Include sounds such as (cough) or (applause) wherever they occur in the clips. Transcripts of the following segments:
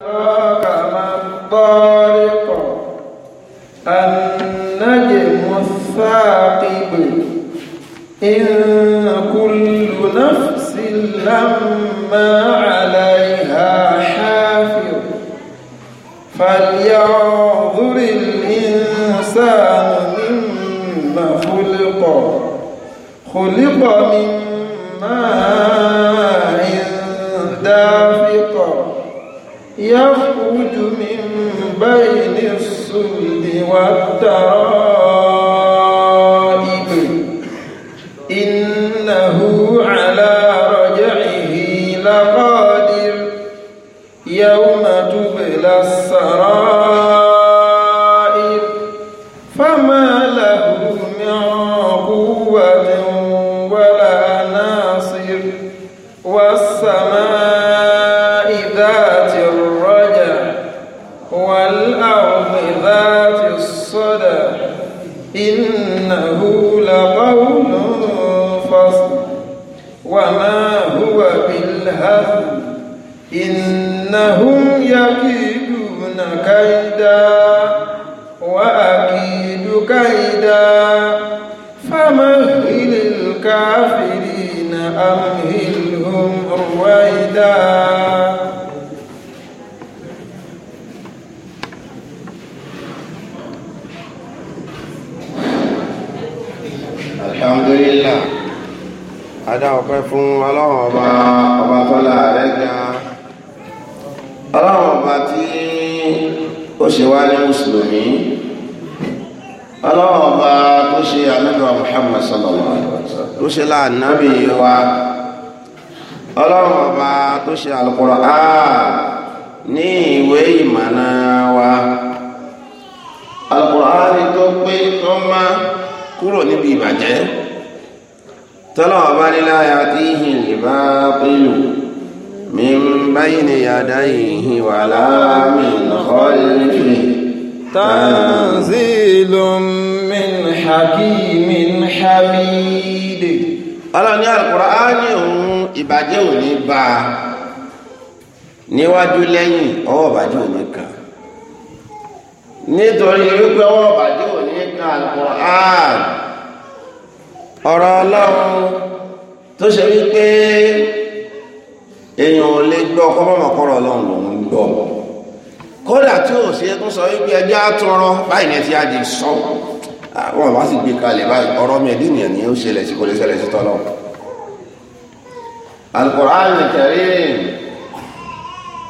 كما الطارق النجم الثاقب إن كل نفس لما عليها حافظ فلينظر الإنسان مما خلق خلق مما واتقوا فأمهلهم رويدا الحمد لله ada ọpẹ́ fún ọlọ́run ọba ọba tọ́lá rẹ̀ gan ọlọ́run ọba tí ó ṣe wá ní mùsùlùmí ọlọ́run ọba tó ṣe ànábìwá Muhammad sallallahu alaihi wasallam tó ṣe láàánábì wa ọlọ́run ọba tó ṣe Al-Qur'an ní ìwé ìmọ̀nà wa Al-Qur'an tó pé tó má kúrò níbi ìbàjẹ́ tọ́lọ́ nílá ya tí ìhìn ìbá pẹ̀lú min bayni yadayhi wala min khalfihi tanzil min hakimin hamid ọlọ́run ní alukur'ani òun ìbàjẹ́ ba ní lẹ́yìn ọwọ́ ìbàjẹ́ ò nítorí wípé ọwọ́ ìbàjẹ́ ní kàn alukur'ani ọ̀rọ̀ tó ṣe wípé kódà tí ò ṣe tún sọ wípé ẹjọ́ àtọrọ báyìí ni ti á di sọ àwọn àbá sì gbé kalẹ̀ báyìí ọ̀rọ̀ mẹ́ẹ̀dínìyàn ni ó ṣẹlẹ̀ sí kò ṣẹlẹ̀ sí tọ́lọ́ Al-Qur'an Karim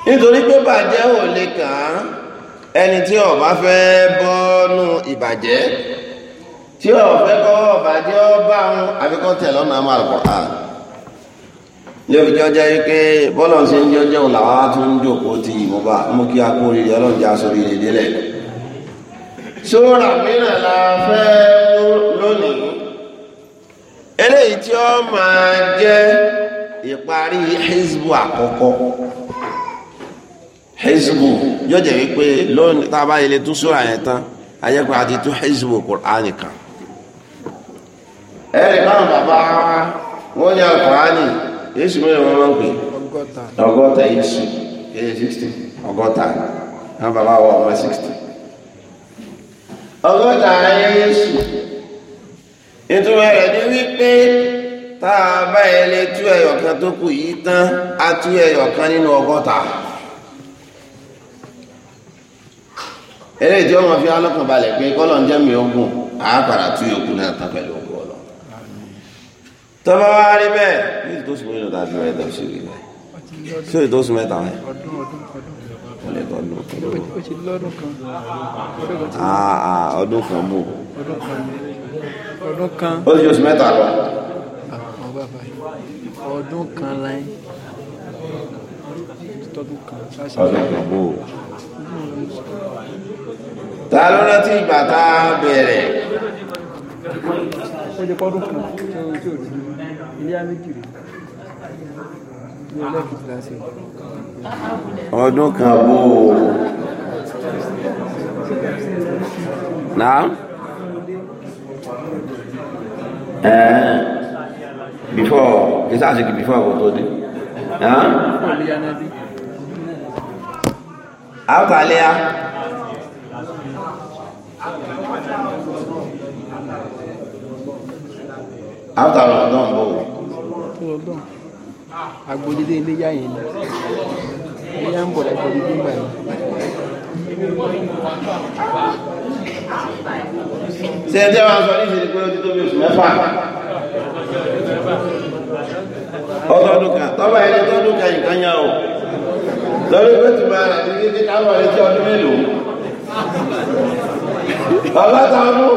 nítorí pé bàjẹ́ ò lè kàn án ẹni tí ó bá fẹ́ bọ́nú ìbàjẹ́ tí ó fẹ́ kọ́ bàjẹ́ ó bá wọn tẹ̀ lọ́nà àmọ́ Al-Qur'an ní òfin jọjọ yìí bọ́lọ̀ ṣe ń jọjọ làwọn á tún jòkó ti ìmọ̀ bá mú kí a ọlọ́jà sórí mìíràn la fẹ́ lónìí eléyìí tí ó máa jẹ́ ìparí àkọ́kọ́ yóò wípé lónìí tá a bá tún yẹn tán báwọn bàbá wọn Jésù mẹ́rin wọn máa ń pè ọgọ́ta Jésù ẹ̀yẹ 60 ọgọ́ta náà bàbá wọ ọmọ 60 ọgọ́ta ayé Jésù ìtumọ̀ rẹ̀ ní wípé tá a bá ẹlẹ́ tú ẹyọ̀kan tó kù yìí tán a tú ẹyọ̀kan nínú ọgọ́ta eléyìí tí wọ́n fi alọ́kànbalẹ̀ pé kọ́lọ̀ ń jẹ́ mi ogun àá padà tú yòókù náà tán pẹ̀lú tọ́ba wá rí bẹ́ẹ̀ yóò tó sùn mẹ́ta àti mẹ́ta sí rí bẹ́ẹ̀ sí rí tó sùn mẹ́ta rẹ̀. ọdún kan ọdún kan mú ọdún kan ó sì oṣù mẹ́ta lọ. ọdún kan láyé ọdún kan mú o. ta ló rántí ìgbà tá a bẹ̀rẹ̀. ó jẹ́ pọ́dún kan tí ó ti rí iléyá méjì rèé ní ẹlẹ́kìtì láti ọdún kan bó o náà ẹ before kìí sáà sí kìí before kò dé after iléyá. after Ramadan, though lágbára ọlọ́run agbolidé iléyà yẹn ni iléyà ń bọ̀ lágbolidé gbà yẹn. ṣé ẹ jẹ́ wàá sọ ní ìṣẹ̀lẹ̀ pé ó ti tó bí oṣù mẹ́fà ọtọ́dún kan tọ́ba ẹni tọ́dún kan nǹkan yá o lórí pé tùmọ̀ ara ti ní kíkà lọ létí ọdún mélòó ọlọ́ta ọdún.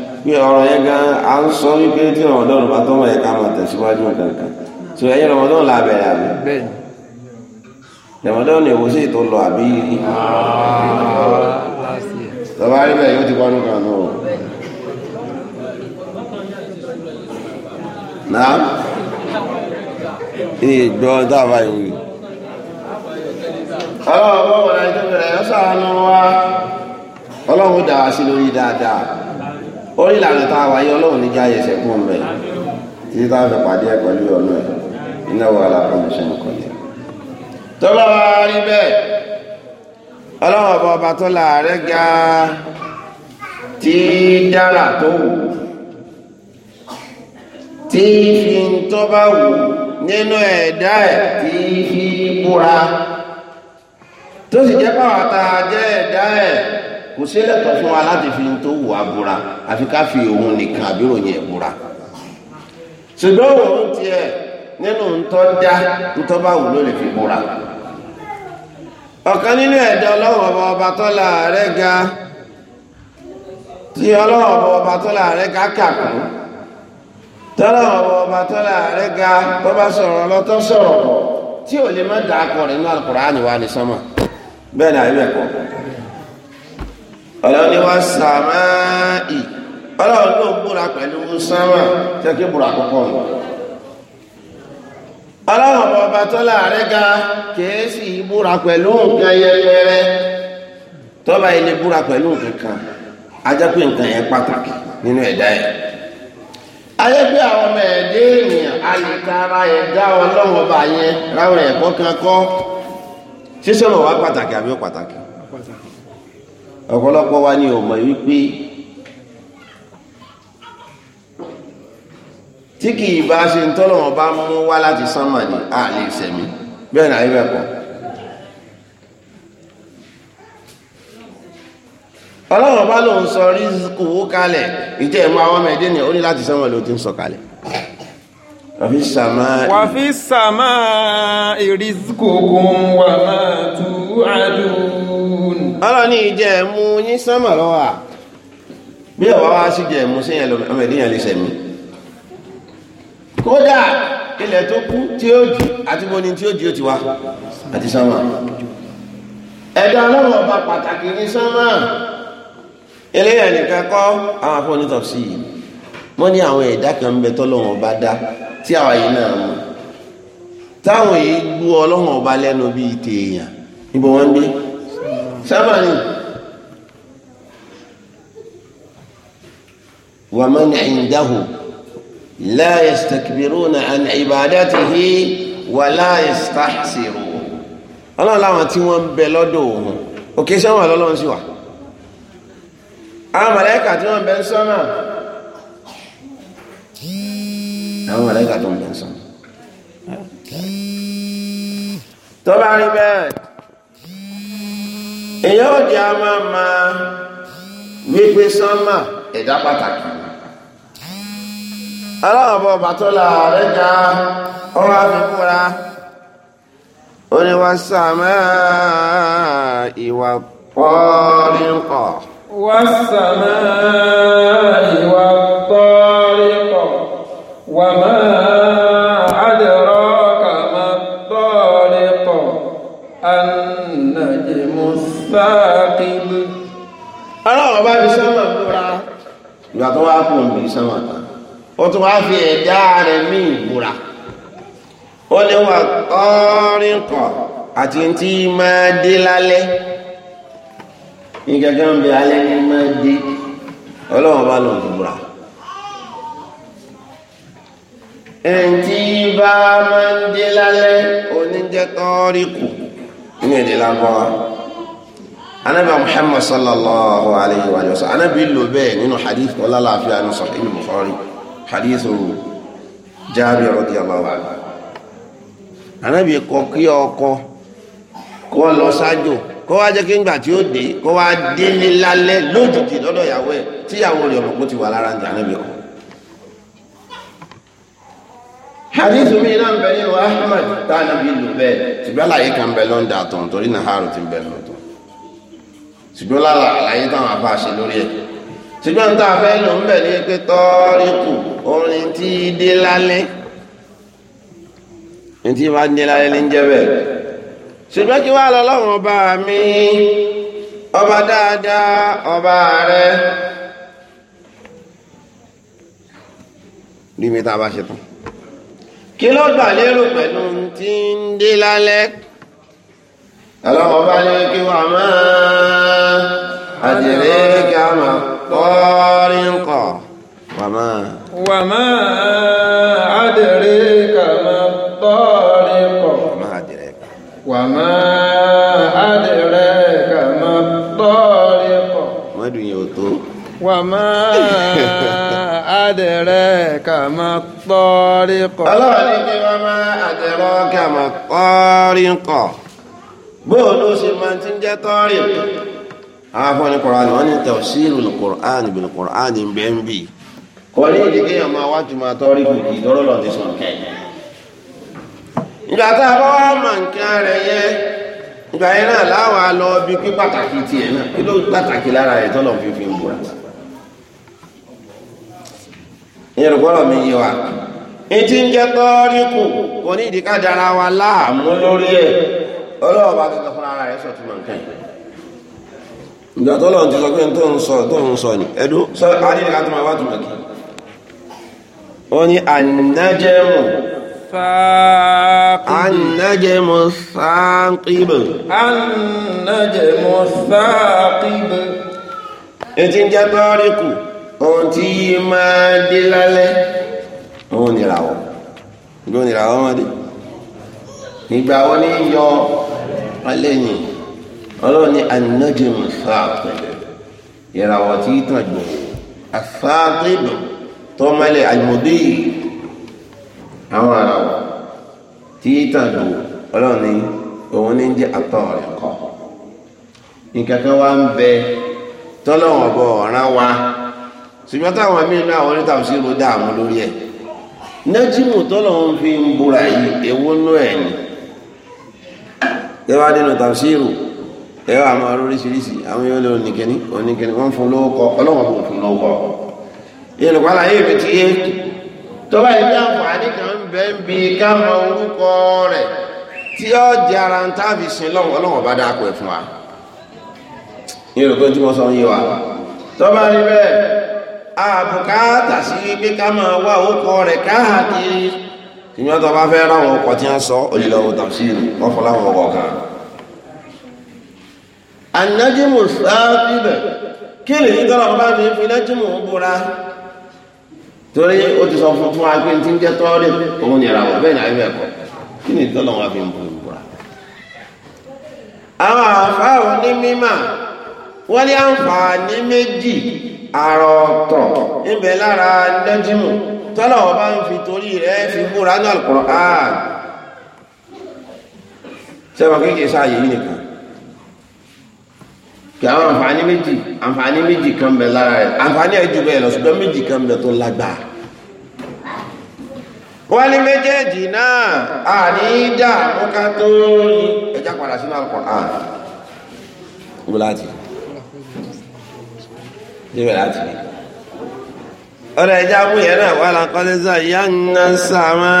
pé ọ̀rọ̀ yẹn gan à ń sọ wípé tí rọmọdọ́nù bá tọ́mọ yẹn ká máa tẹ̀síwájú kankan tó ẹ̀yìn rọmọdọ́nù la bẹ̀rẹ̀ àbí rọmọdọ́nù èwo sì tó lọ àbí tọ́ba rí bẹ́ẹ̀ yóò ti pọ́nú kan náà náà ìgbọ́ dáàbà ìwé ọlọ́run bọ́wọ̀ láti tó bẹ̀rẹ̀ yọ sáà nù wá ọlọ́run lórí dáadáa. orí ìlànà tá a wáyé ọlọ́run ní jáyé ẹsẹ̀ fún ọmọ ẹ̀ títí tá a pàdé ẹ̀ pẹ̀lú ọ̀nà ẹ̀ iná wà lápá mi ṣe nǹkan yẹn. tó bá wá rí bẹ́ẹ̀ ọlọ́run ọba ọba tó láàárẹ̀ ga tí dára tó wù fi ń tọ́ bá wù nínú ẹ̀dá ẹ̀ kò sí lẹ́tọ̀ọ́ fún wa láti fi tó wù á búra àfi ká fi òun nìkan àbúrò yẹn búra ṣùgbọ́n òun tiẹ̀ nínú ntọ́ dá ntọ́ bá wù ló lè fi búra ọ̀kan nínú ẹ̀dá ọlọ́run ọba ọba tó láàárẹ̀ ga tí ọlọ́run ọba ọba tó láàárẹ̀ ga kàkún tọ́lọ́run ọba ọba tó láàárẹ̀ ga tó bá sọ̀rọ̀ lọ́tọ́ sọ̀rọ̀ tí ò lè má dàákọ̀ rẹ̀ nínú Al-Kùránì wà ní bẹ́ẹ̀ ni àyẹ̀wẹ̀ kọ̀ọ̀kan ọlọ́ni wá sàmáì ọlọ́run ló ń búra pẹ̀lú sánmà jẹ́ kí búra kọ́kọ́ mọ́ ọlọ́run bọba tó láàrẹ́ ga kìí sì búra pẹ̀lú nǹkan yẹpẹrẹ tọ́ba ilé búra pẹ̀lú nǹkan kan ajá pé nǹkan yẹn pàtàkì nínú ẹ̀dá yẹn ayé pé àwọn ọmọ ẹ̀dẹ́ ènìyàn alìtara ẹ̀dá ọlọ́run ọba yẹn ráwọn ẹ̀kọ́ kan kọ́ ṣíṣọ́nà wá pàtàkì àbí ó pàtàkì ọ̀pọ̀lọpọ̀ wa ni ò mọ̀ wípé tí kì í bá ṣe ń tọ́lọ̀ wọn bá mú wá láti sánmà ní àlè ìsẹ̀mí bẹ́ẹ̀ náà ibẹ̀ pọ̀ ọlọ́run bá lòun sọ rízikù wó kalẹ̀ ìjẹ́ ìmú àwọn ọmọ ẹ̀dẹ́ ni ó ní láti sánmà ló ti ń sọ kalẹ̀ wà fi wà máa tú àdùn ọlọ́ ní ìjẹ́ mú yín sánmà wa à bí ọ̀wá wá sí jẹ́ mú sí ẹ̀lọ́ ọmọ ìdíyàn lè sẹ̀mí kódà ilẹ̀ tó kú tí ó jù àti bóni tí ó jù ó ti wá àti sánmà ẹ̀dá ọlọ́run ọba pàtàkì ní sánmà eléyà nìkan kọ́ àwọn afọ́nitọ̀ sí i wọ́n ní àwọn ẹ̀dá kan bẹ tọ́lọ́run ọba dá tí àwa yìí náà mọ̀ táwọn èyí gbú ọlọ́run ọba lẹ́nu bíi tèèyàn níbo wọ́n ń gbé sábà ní wa man indahu la yastakbiruna an ibadatihi wa la yastahsiru ọlọ́run láwọn tí wọ́n ń bẹ lọ́dọ̀ òun òkè sọ́wọ́n lọ́lọ́run sí wa àwọn màláíkà tí wọ́n bẹ ń sọ́nà àwọn màláíkà tí wọ́n bẹ ń sọ́nà tó bá rí bẹ́ẹ̀ èyàn ò di a ma wípé sánmà ẹ̀dá pàtàkì aláwọ̀ bọ̀ bàtọ́lá rẹ̀ ga ọwọ́ àfikúnra ó sàmà ìwà pọ́ọ́lìkọ̀. wọ́n sàmà ìwà pọ́ọ́lìkọ̀ wà máa. kùn bí sánmà tán ó tún wá fi ẹ̀dá rẹ̀ mí ìbúra ó ní wà kọ́rin kọ̀ àti tí máa dé lálẹ́ ní gẹ́gẹ́ ń bẹ alẹ́ ní máa dé ọlọ́run bá lọ ìbúra ẹni bá máa dé lálẹ́ oníjẹ́ kọ́rin kù ní èdè lágbọ́n wa anabi muhammad sallallahu alayhi wa sallam anabi lo bẹ́ẹ̀ nínú hadith wọn lálàáfíà ní sahih bukhari hadith jaabi radiyallahu anhu anabi kọ kí ọkọ kó lọ ṣáájú kó wá jẹ́ kí ngbà tí ó dé kó wá dé ní lálẹ́ lójijì lọ́dọ̀ ìyàwó ẹ̀ tí ìyàwó rẹ̀ ọmọ kó ti wà lára ní anabi kọ. hadith mi náà ń bẹ nínú ahmed tá a nàbí lò bẹ́ẹ̀ tìbẹ́lá kan bẹ lọ́ndà tó ń torí nàhárù ti ń bẹ lọ ṣùgbọ́n lára àlàyé táwọn àbá ṣe lórí ẹ̀ ṣùgbọ́n tá a fẹ́ lò ń bẹ̀ ní pé tọ́ríkù orin tí dé lálẹ́ ní tí bá dé lálẹ́ ní jẹ́ bẹ́ẹ̀ ṣùgbọ́n kí wàá lọ lọ́wọ́n ọba mi ọba dáadáa ọba rẹ rí mi tá a bá ṣe tán kí ló gbà lérò pẹ̀lú tí ń dé lálẹ́ ọlọ́wọ́ bá ní kí wà máa àdìrẹ́ kí a máa kọ́rí ń kọ̀ wà máa. wà máa àdìrẹ́ kà máa kọ́rí ń kọ̀. wà máa àdìrẹ́ kà. wà máa àdìrẹ́ kà máa kọ́rí ń kọ̀. mọ́dún yẹn ò tó. wà máa àdìrẹ́ kà máa kọ́rí ń kọ̀. ọlọ́wọ́ ní kí wà máa àdìrẹ́ kà máa kọ́rí ń kọ̀. bóò ló si máa ti ń jẹ́ tọ́rì àwọn afọ́ni kọ̀ọ̀án wọn ní tẹ̀síìrù kọ̀ọ̀án ìbìlì ní bẹ́ẹ̀ ń bì kọ́ ní ìdí kéèyàn máa wá máa tọ́rì kù kì í tọ́rọ̀ lọ́ọ́ ti sùn ìgbà tá a bá wá mà nǹkan rẹ̀ yẹ ìgbà yẹn náà láwa kí pàtàkì lára tọ́lọ̀ fi fi ń bùrà ìyẹn wa ń jẹ́ kù kò ọlọ́wọ́ bá gẹ́gẹ́ fún ara rẹ̀ sọ̀túnmọ̀ nǹkan ìgbà tó lọ́n ti sọ pé tó ń sọ tó ń sọ ni ẹ̀dú sọ adínìká tó máa wá túnmọ̀ kí wọ́n ní ànájẹ́mù ànájẹ́mù sáàkìbù ànájẹ́mù sáàkìbù etí ń jẹ́ tọ́ríkù ohun tí yí máa dé lálẹ́ òun nìràwọ̀ gbọ́n nìràwọ̀ máa dé ìgbà wọn ní yọ alẹ́yìn ọlọ́run ní anájẹmù fàápẹ̀lẹ̀ ìràwọ̀ tí tàn jù àjùmọ̀dé àwọn àràwọ̀ tí tàn jù ọlọ́run ní òun ní jẹ́ àtọ̀ rẹ̀ kọ́ nǹkan kan ń bẹ tọ́lọ́wọ̀n bọ̀ ọ̀ràn wa ṣùgbọ́n táwọn míì náà wọ́n ní dààmú lórí ẹ̀ tọ́lọ́wọ́n fi ń ẹ̀ ni. ẹ wá nínú tafsiru ẹ wá máa lóríṣiríṣi àwọn yóò lọ nìkẹ́ni oníkẹ́ni wọ́n fún lówó kọ ọlọ́wọ́n kò fún lówó kọ. ìrùkọ́ àlàyé mi ti yé tọ́ba ìbí àǹfààní kan ń bẹ́ ń bi ká mọ orúkọ rẹ̀ tí ó jẹ́ ara ń tábì sin lọ́wọ́ ọlọ́wọ́n bá dáko ẹ̀ fún wa. ìrùkọ́ tí wọ́n sọ ń yé wa tọ́ba rí bẹ́ẹ̀ àbùkátà sí pé ká wá orúkọ rẹ̀ káàkiri ìyẹn tó bá fẹ́ ráwọn ọkọ̀ tí wọ́n sọ olùlọ́wọ́ tàbísírì wọ́n fọ́ láwọn ọkọ̀ kan. anájímù sáábìbẹ̀ kí lè ní tọ́lọ̀ bá mi fi nájímù búra torí ó ti sọ fún fún wa pé tí ń jẹ́ tọ́ọ̀rì òun ni ìràwọ̀ bẹ́ẹ̀ ni àyẹ̀wò ẹ̀kọ́ kí ni tọ́lọ̀ wọn fi ń bu ìbúra. àwọn àfáà wọn ní mímà wọ́n ní àǹfààní méjì àrà ọ̀tọ̀ ibẹ̀ lára lẹ́jìmù tọ́lọ̀ wọn bá ń fi torí rẹ̀ fi búra ní àlùkùrọ̀ áà sẹ́wọ̀n kéèké sáàyè yìí nìkan kí àwọn àǹfààní méjì àǹfààní méjì kan bẹ lára rẹ̀ àǹfààní ẹ̀ jù bẹ́ẹ̀ lọ ṣùgbọ́n méjì kan bẹ tó lágbàá wọ́n ní méjèèjì náà àníjà mú ká tó ẹja padà sínú àlùkùrọ̀ áà wọ́n láti rí níbẹ̀ láti rí ọ̀rọ̀ ẹja wúyẹ náà wà lákọ́lé sọ ìyá ńlá sàmà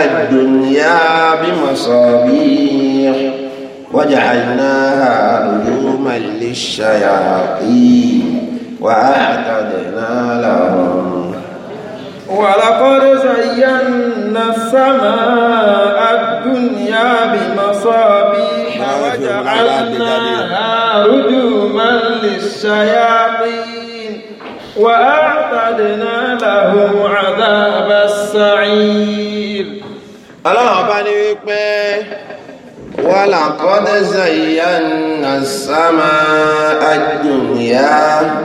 àdùnìyà bímọ sọ bí wọ́jà àyìnà àlùmọ̀ lè ṣàyàpì wà àtàdénà làwọn. ولقد زينا السماء الدنيا بمصابيح وجعلناها رجوما للشياطين وأعتدنا لهم عذاب السعير ọlọ́run ọba ní wípé ولقد زينا السماء الدنيا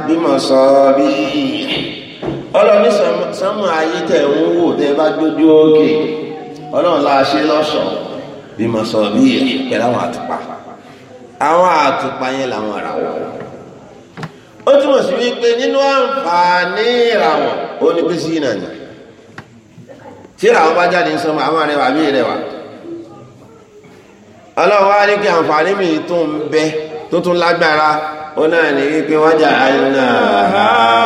بمصابيح ọlọ́run ní sánmọ̀ ayé tẹ̀ ń wò tẹ́ bá gbójú òkè ọlọ́run la ṣe lọ́ṣọ̀ọ́ bímọ sọ bíi pẹ̀lú àwọn àtùpà àwọn àtùpà yẹn làwọn àràwọ̀ ó túmọ̀ sí wípé nínú àǹfààní ìràwọ̀ ó ní pé sí ìnà ni tí ìràwọ̀ bá jáde ń sọmọ àwọn arẹwà bí ìrẹwà ọlọ́wọ́ á ní kí àǹfààní mi tó ń bẹ tó tún lágbára ó náà ní wípé wọ́n jà àìnà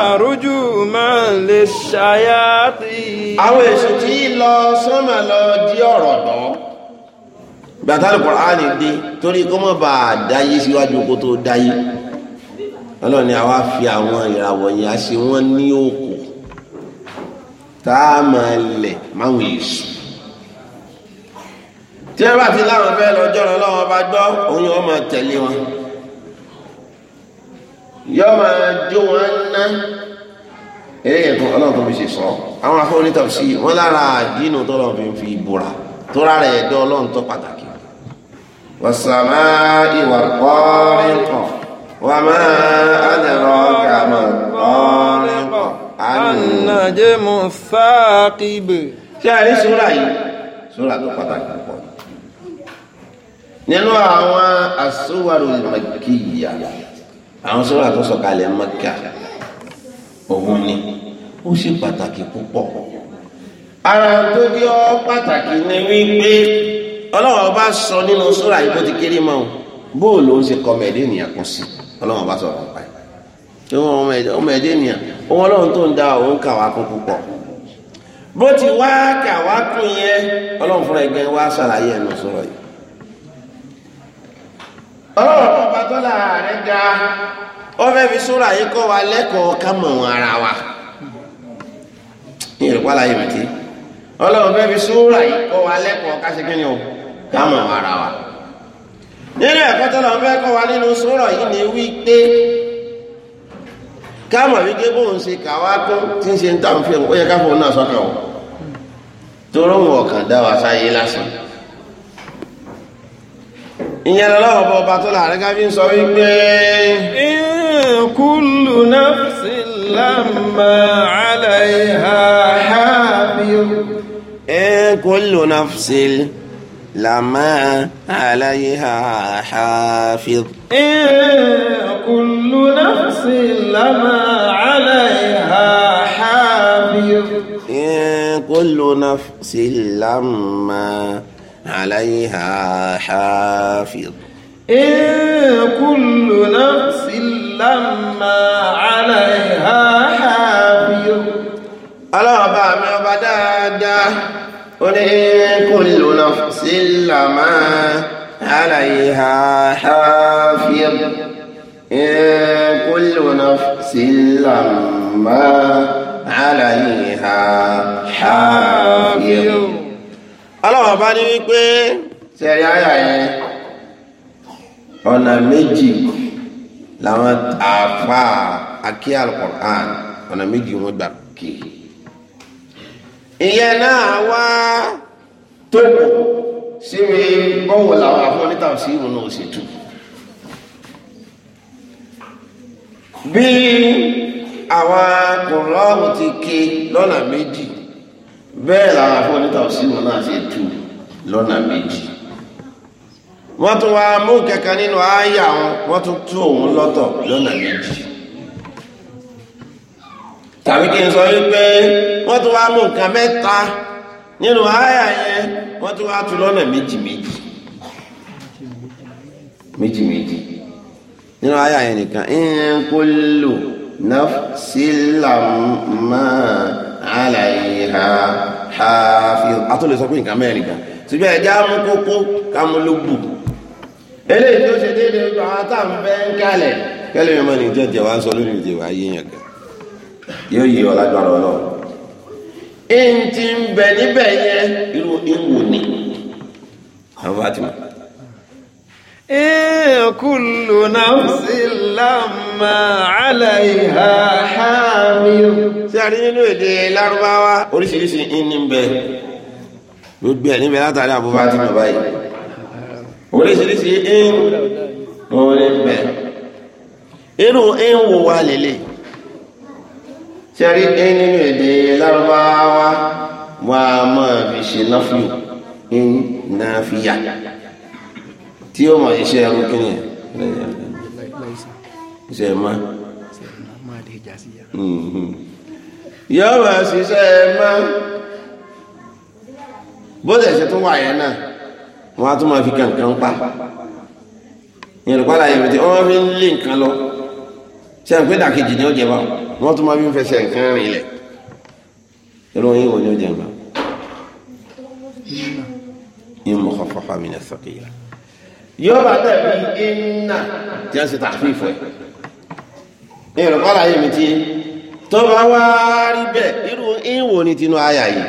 àrújù máa ń lè ṣayáàtì àwọn èṣù tí lọ sọ́mà lọ di ọ̀rọ̀ dán gbàtàlù Kùránì dé torí kó mọ̀ bá dáyé síwájú kó tó dáyé ọlọ́run ni àwa fi àwọn ìràwọ̀ yẹn a ṣe wọ́n ní òkò tá a máa lẹ̀ máwọn èṣù tí wọ́n bá ti láwọn fẹ́ lọ́jọ́ ọ̀rọ̀ lọ́wọ́ bá gbọ́ òun yóò máa tẹ̀lé wọn yóò máa jó wọn ná eléyìí tó ọlọ́run tó fi ṣe sọ àwọn afọ́nitọ̀ sí wọn lára àdínú tó lọ́ọ́ fi fi ìbòrà tó rárá ẹ̀dọ́ ọlọ́run tó pàtàkì wọ́n sàmáà ìwà kọ́rin وما أدراك ما الطارق النجم الثاقب ṣẹ́rí súra yìí súra tó pàtàkì púpọ̀ nínú àwọn àsúwàrò màkìyà àwọn súra tó sọ̀kalẹ̀ Mákkà òun ni ó ṣe pàtàkì púpọ̀ ara tó jẹ́ ọ́ pàtàkì ni wípé Ọlọ́run bá sọ nínú súra yìí tó ti kéré mọ́ bóòlù ó ń ṣe kọmẹ̀dé ènìyàn sí i ọlọ́run bá sọ̀rọ̀ pa ẹ̀ wọ́n ọmọ ẹ̀jẹ̀ nìyà ọlọ́run tó ń da òun kà kún púpọ̀ bó ti wá ọlọ́run fúnra tó ga ó fẹ́ fi súnra yìí kọ́ wa lẹ́kọ̀ọ́ ká mọ̀ wọn ara wa ní láyé mi ti ọlọ́run fẹ́ nínú ẹ̀kọ́ tó lọ́n fẹ́ kọ́ wa nínú sọ́rọ̀ yìí ni wípé káàmọ̀ wípé bóun ṣe kàwá kún tí ń ṣe ń tàn fi ó yẹ ká fóun náà sọ́kàn wọn torọ́ wọn ọ̀kan dá wa sáyé lásán ìyẹn lọ́wọ́ bọ́ ọba tó láàrin fi ń sọ wípé kullu nafsin lamma alayha hafiz kullu nafsin lamma لما عليها حافظ إيه كل نفس لما عليها حافظ إيه كل نفس لما عليها حافظ إيه كل نفس لما عليها حافظ الله بابا بدا قل كل نفس لما عليها حافظ كل نفس لما عليها حافظ ọlọ́wọ́ ya ní wípé Ọ na yẹn ọ̀nà méjì aki àfà akí na quran ọ̀nà ìyẹn náà wá tó kù síbi bọ́wọ̀ làwọn àfọ́n níta sí ìwọ̀n náà sì tù. bí àwọn kòrọ́ọ̀mù ti ké lọ́nà méjì bẹ́ẹ̀ làwọn àfọ́n níta sí ìwọ̀n náà sì tù lọ́nà méjì wọ́n tún wá mú kẹ̀kẹ́ nínú àáyà wọn wọ́n tún tú òun lọ́tọ̀ lọ́nà méjì tàbí kí n sọ wípé wọ́n tún wá mú nǹkan mẹ́ta nínú àyà yẹn wọ́n tún wá tu lọ́nà méjì méjì nínú àyà yẹn nìkan in kullu nafsin lamma alayha hafiz àtúnlẹ̀ sọ pé nǹkan mẹ́rin kan síbẹ̀ ẹ̀já mú kókó ká mú lóbù eléyìí tó ṣe déédéé bàtà ń bẹ́ ń kalẹ̀ kẹ́lẹ́ mi mọ́ ni wá sọ lórí ìjẹ́wà ayé kan yóò yí ọ lágbára ọlọ ẹn ti ń bẹ níbẹ̀ yẹn irú ewu ni àwọn Fatima. kullu nafsin lamma alayha hamil. ṣé a rí nínú èdè lárúbáwá oríṣiríṣi ìní ń bẹ gbogbo ẹ̀ níbẹ̀ látàrí Abu Fatima báyìí oríṣiríṣi ìní ń bẹ iru ìwò wa lélẹ̀. sẹ́rí é nínú èdè lárúbáwá wà á máa fi ṣe náfíù ń náfíà tí ó mọ̀ iṣẹ́ ẹrú kí ni iṣẹ́ ẹ̀ máa mhm. yóò máa ṣiṣẹ́ ẹ̀ máa bó lè ṣe tó wà yẹn náà wọ́n á tún máa fi kankan pa ìrìnkwá láyé rẹ̀ tí wọ́n fi ń lé nǹkan lọ ṣe ń pé ni ó jẹ báwọn wọ́n tún máa fi ń fẹsẹ̀ nǹkan rìn lẹ̀ ìròyìn wo ni ó jẹun náà ìmọ̀ kọfọ́fọ́ mi ní sọ́kìyà yóò bá dàbí iná tí a ń ṣe tàfífọ́ ẹ̀ ní ìrọ̀kọ́ àlàyé mi ti tó bá wá rí bẹ́ẹ̀ irú ìwò ni tinú àyà yìí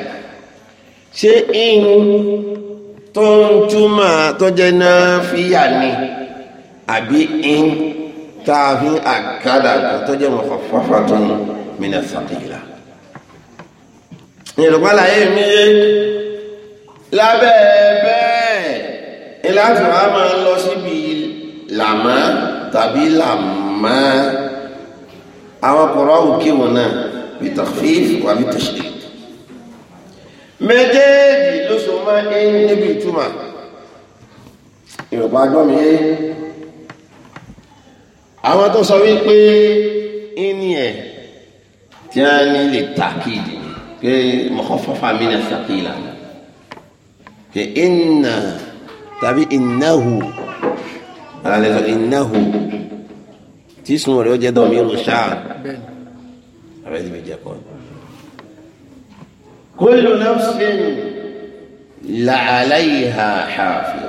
ṣé ìhun tó ń túmọ̀ tó jẹ́ náà fíyà ni àbí ìhun tààfin àgádà tó jẹ́ mọ̀fàfàfà tó ń mìnà sàkìlà ìrùpá láyé mi yé lábẹ́ bẹ́ẹ̀ ìlàtí wàá máa ń lọ síbi làmá tàbí làmá àwọn kọ̀rọ̀ òkè wọn náà bí tàfíf wà bí tàṣírí méjèèjì ló so máa ń níbi ìtumà ìrùpá gbọ́ mi yé àwọn tó sọ wípé ẹni ẹ̀ tí a ní lè tàkìdì pé mọ̀kànfọ́fà mi nà sàkìlà pé ìnà tàbí ìnáhù alẹ́ ìnáhù tí sùn rẹ̀ ó jẹ́ dọ̀mí rò ṣáà abẹ́ni mi jẹ́ kọ́ kullu nafsin làálàyé ha hàfi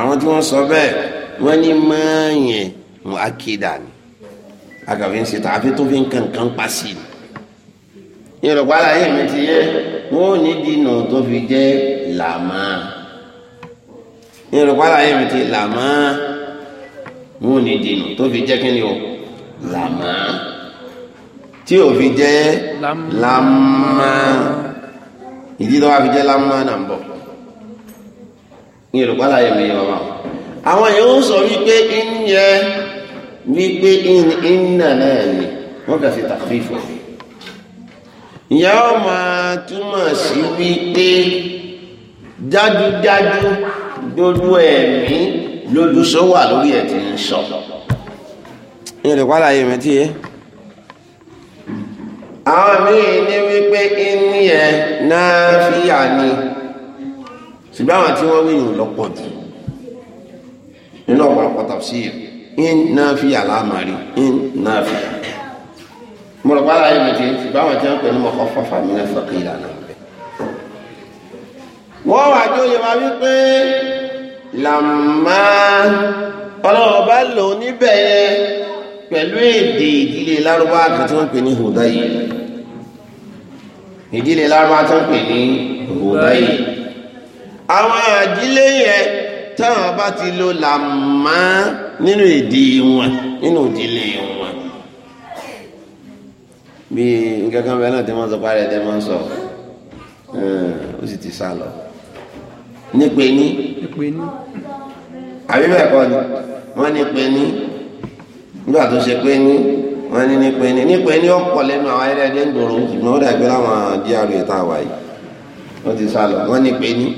àwọn tí wọ́n sọ bẹ́ẹ̀ wọ́n ní máa yẹn mu akida ni a kà fi ń ṣe tán àfi tó fi ń kankan pa sí i yorùbá aláyé mi ti yé wọn ò ní dínà tó fi jẹ làmá yorùbá aláyé mi ti làmá wọn ò ní dínà tó fi jẹ kí o làmá tí ò fi jẹ làmá ìdí tó wà fi jẹ làmá nà ń bọ yorùbá aláyé mi yẹ wọn àwọn yòó sọ wípé ń wípé iná náà ni wọ́n kà sí tàfífò ìyá ọ máa túmọ̀ sí wípé dájúdájú dojú ẹ̀mí lójúṣó wà lórí ẹ̀ tí ń sọ ìyẹn lè pàdà yìí mẹ́tí yẹ àwọn míì ní wípé iní ẹ̀ náà fíyà ni ṣùgbọ́n àwọn tí wọ́n wíyùn lọ́pọ̀ jù nínú ọ̀pọ̀lọpọ̀ tàbí sí yìí in náfíà láàmà rí in náfíà mọ̀rọ̀ pàdà yìí mọ̀tí báwọn tí wọ́n pẹ̀lú mọ̀kọ́ fọ́fà mi náà fọ́kì ìlànà bẹ̀. wọ́n wà tó yẹ wá wípé làmá ọlọ́run bá lò níbẹ̀ yẹn pẹ̀lú èdè ìdílé lárúbáwá kan tí wọ́n pè ní hùdáyì ìdílé lárúbáwá tí wọ́n pè ní hùdáyì àwọn àdílé yẹn táwọn bá ti lo làmá nínú èdè wọn nínú ìdílé wọn. bí nǹkan kan bẹ́ẹ̀ náà tẹ́ máa ń sọ parí ẹ̀ tẹ́ máa ń sọ ó sì ti sá lọ. nípe ní àbí bẹ́ẹ̀ kọ́ ni wọ́n nípe ní nígbà tó ṣe pé ní wọ́n ní nípe ní nípe ní ọ̀pọ̀ lẹ́nu àwọn ayẹyẹ ẹ̀dẹ́ ń dòrò ṣùgbọ́n ó dàgbé láwọn díàrú ìta wáyé wọ́n ti sá lọ wọ́n nípe ní.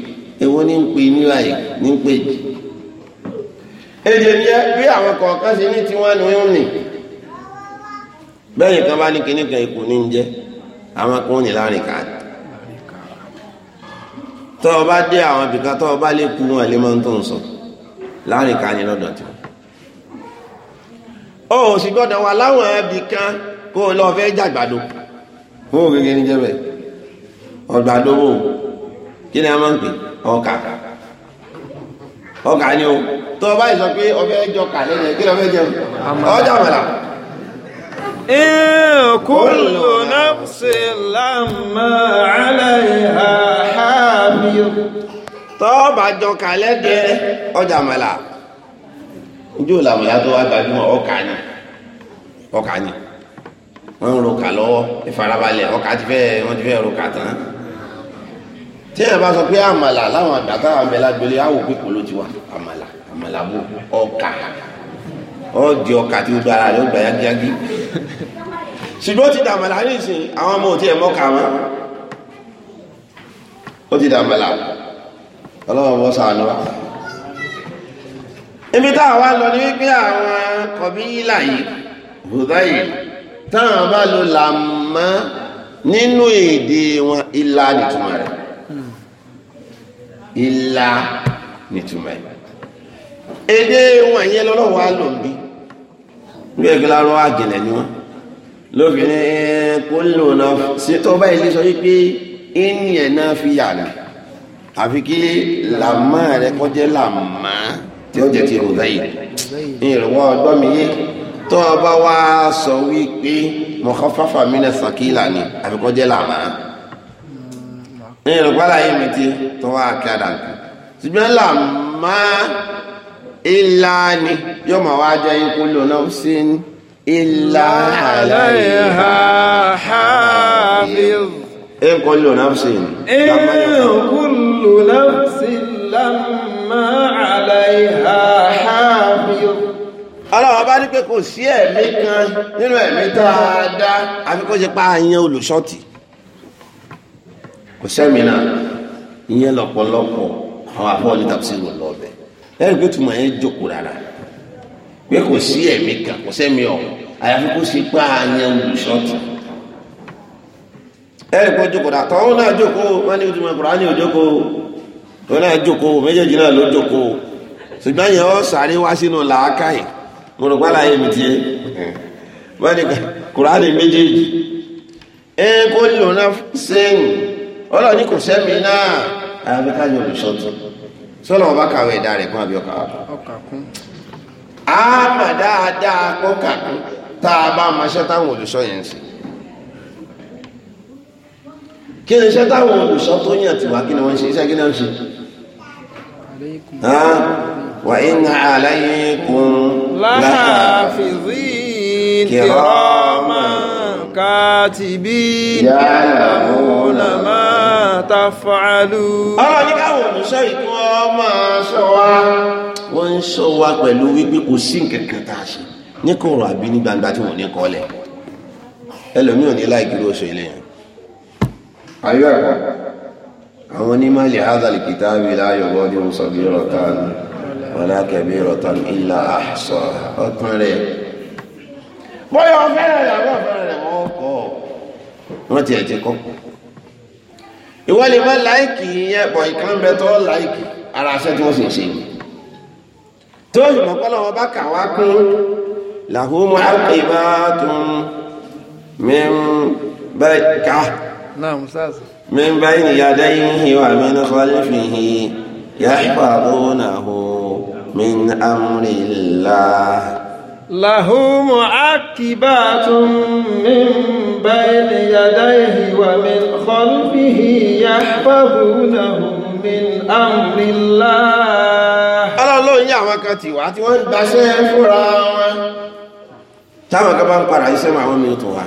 èwo ni ń pè ní láì ní ń pè jì èdè ní bí àwọn kọ̀ọ̀kan ṣe ní tiwọn ni wọ́n nì bẹ́ẹ̀ kan bá ní kíní kan ikú ní ń jẹ́ àwọn kan ní láàrin ká tọ́ ọ bá dé àwọn ibìkan tọ́ ọ bá lè kú wọn lè máa ń tó ń sọ láàrin ká ní lọ́dọ̀ tí wọ́n ó sì gbọ́dọ̀ wà láwọn ibìkan kó o lọ́ọ́ fẹ́ jàgbàdo ó gẹ́gẹ́ ní jẹ́ bẹ́ẹ̀ ọ̀gbàdo wò kí ni a máa ń pè é ọkà ọkà ni o tó bá ìsọ pé ọbẹ̀ ẹjọ kà lẹ́yìn kí lọ́fẹ́ jẹun ọjà mọ̀lá. kullu nafsin lamma alayha hafiz tó bá jọ kà lẹ́dẹ̀ ọjà mọ̀lá ojú làmọ̀lá tó wá gbajúmọ̀ ọkà ni ọkà ni wọ́n ń ro kà lọ́wọ́ ìfarabalẹ̀ ọkà ti fẹ́ wọ́n ti fẹ́ ro kà tán téèyàn bá sọ pé àmàlà láwọn àgbàtà àmì lágbélé àwò pípò ló ti wà àmàlà àmàlà bò ọkà ọjì ọkà tí ó gba ara rẹ ó gba yagiyagi ṣùgbọ́n ó ti dàmàlà nísìnyí àwọn ọmọ òtí ẹ̀ mọ́ka mọ́ ó ti dàmàlà ọlọ́wọ́ bọ́ sànú wa ibi táwọn wá lọ ní wípé àwọn kọ̀bíyìlà yìí bùdá yìí táwọn bá lo làmọ́ nínú èdè wọn ìlà nìtumọ̀ rẹ̀ ilá nítumọ̀ ẹ̀ èdè wọn yẹn lọ́lọ́wọ́ á lò ń bí bí ẹgbẹ́ lárọ́ àgẹ̀lẹ̀ ni wọ́n lóbìnrin eh, kò lò náà sí tó bá ilé sọ wípé ìní ẹ̀ náà fi yàrá àfi kí làmá rẹ kọjá làmá tí ó jẹ ti rò bẹ́yì ìrìnwọ́ ọgbọ́n mi yé tó o bá wá sọ wípé mọ̀kọ́fáfà mi náà sàkílà ni àfi kọjá làmá ní ìrùpàdà yìí mi ti tó wá kí àdàkù ṣùgbọ́n là máa ìlà ni yóò máa wá jẹ́ ikú lò sí ní ìlà àlàyéhà hafiz. ikú lò náà sí ní. ikú lò náà sí lámà àlàyéhà hafiz. ọlọ́wọ́ bá ní pé kò sí ẹ̀mí kan nínú ẹ̀mí tá a dá àfikún ṣe pa àyàn olùṣọ́tì kò sẹ́mìíràn ìyẹn lọ́pọ̀lọpọ̀ àwọn afọ́ọ́lì tàbísírò lọ́ọ̀bẹ̀ lẹ́yìn pé tùmọ̀ yẹn jòkó rárá pé kò sí ẹ̀mí kan kò sẹ́mi ọ̀hún àyàfi kó ṣe pa àyàn olùṣọ́tì ẹ̀rì kó jòkó rà tọ́wọ́ náà jòkó wọ́n ní ìtumọ̀ kùránì òjòkó tọ́wọ́ náà jòkó méjèèjì náà ló jòkó ṣùgbọ́n yẹn ó sáré wá sínú làákàyè mo rò pálá yẹn mi tiẹ̀ wọ́n ní kùránì méjèèjì ẹ̀ kó lò náà sẹ́yìn ọlọ́ọ̀ni kò sẹ́mi náà àyàfi káyọ̀ olùsọ́tún sọ́lọ́ ọba kàwé ẹ̀dá rẹ̀ kún àbíọ́kà ọkàkún a mà dáadáa kó kàkún tá a bá máa ṣẹ́ táwọn olùsọ yẹn sí kí ni iṣẹ́ táwọn olùsọ tó yàn tìwá kí ni wọ́n ṣe iṣẹ́ kí ni wọ́n ṣe wa inna alaykum lahafizin kiraman kàtìbí ya'lamuna ma taf'alu. ọ̀rọ̀ ní káwọn olùṣọ́ ìkún ọmọ ṣọ́ wa wọ́n ń ṣọ́ wa pẹ̀lú wípé kò sí nǹkan kan tá a ṣe ní kọ̀rọ̀ àbí ní gbangba tí wọ́n ní kọ́lẹ̀ ẹlòmíì ò ní láìkiri oṣù ilé yẹn. ayọ́ ẹ̀kọ́ àwọn onímọ̀lẹ̀ hadhal kitabi la yughadiru saghiratan wala kabiratan illa ahsaha ọkùnrin rẹ̀ bóyá ọ̀fẹ́rẹ̀ rẹ̀ ọ̀rẹ́ ọ̀fẹ́rẹ̀ rẹ̀ wọ́n kọ́ ọ wọ́n ti ẹ̀jẹ̀ kọ́ ìwọ lè má láìkì yẹn bọ̀ ìkan bẹ tó láìkì ara aṣẹ́ tí wọ́n sì ń ṣe yìí tó yìnbọn pọ́lọ́ wọn bá kà wá kún làwọn ọmọ àgbẹ̀ bá tún mẹ́rin bẹ́ẹ̀ ká. نعم أستاذ من بين يديه ومن خلفه يحفظونه من أمر الله له معقبات من بين يديه ومن خلفه يحفظونه من أمر الله ọlọ́run ní àwọn kan ti wà tí wọ́n ń gbaṣẹ́ fúnra wọn táwọn kan bá ń para iṣẹ́ mọ́ àwọn mìíràn tó wà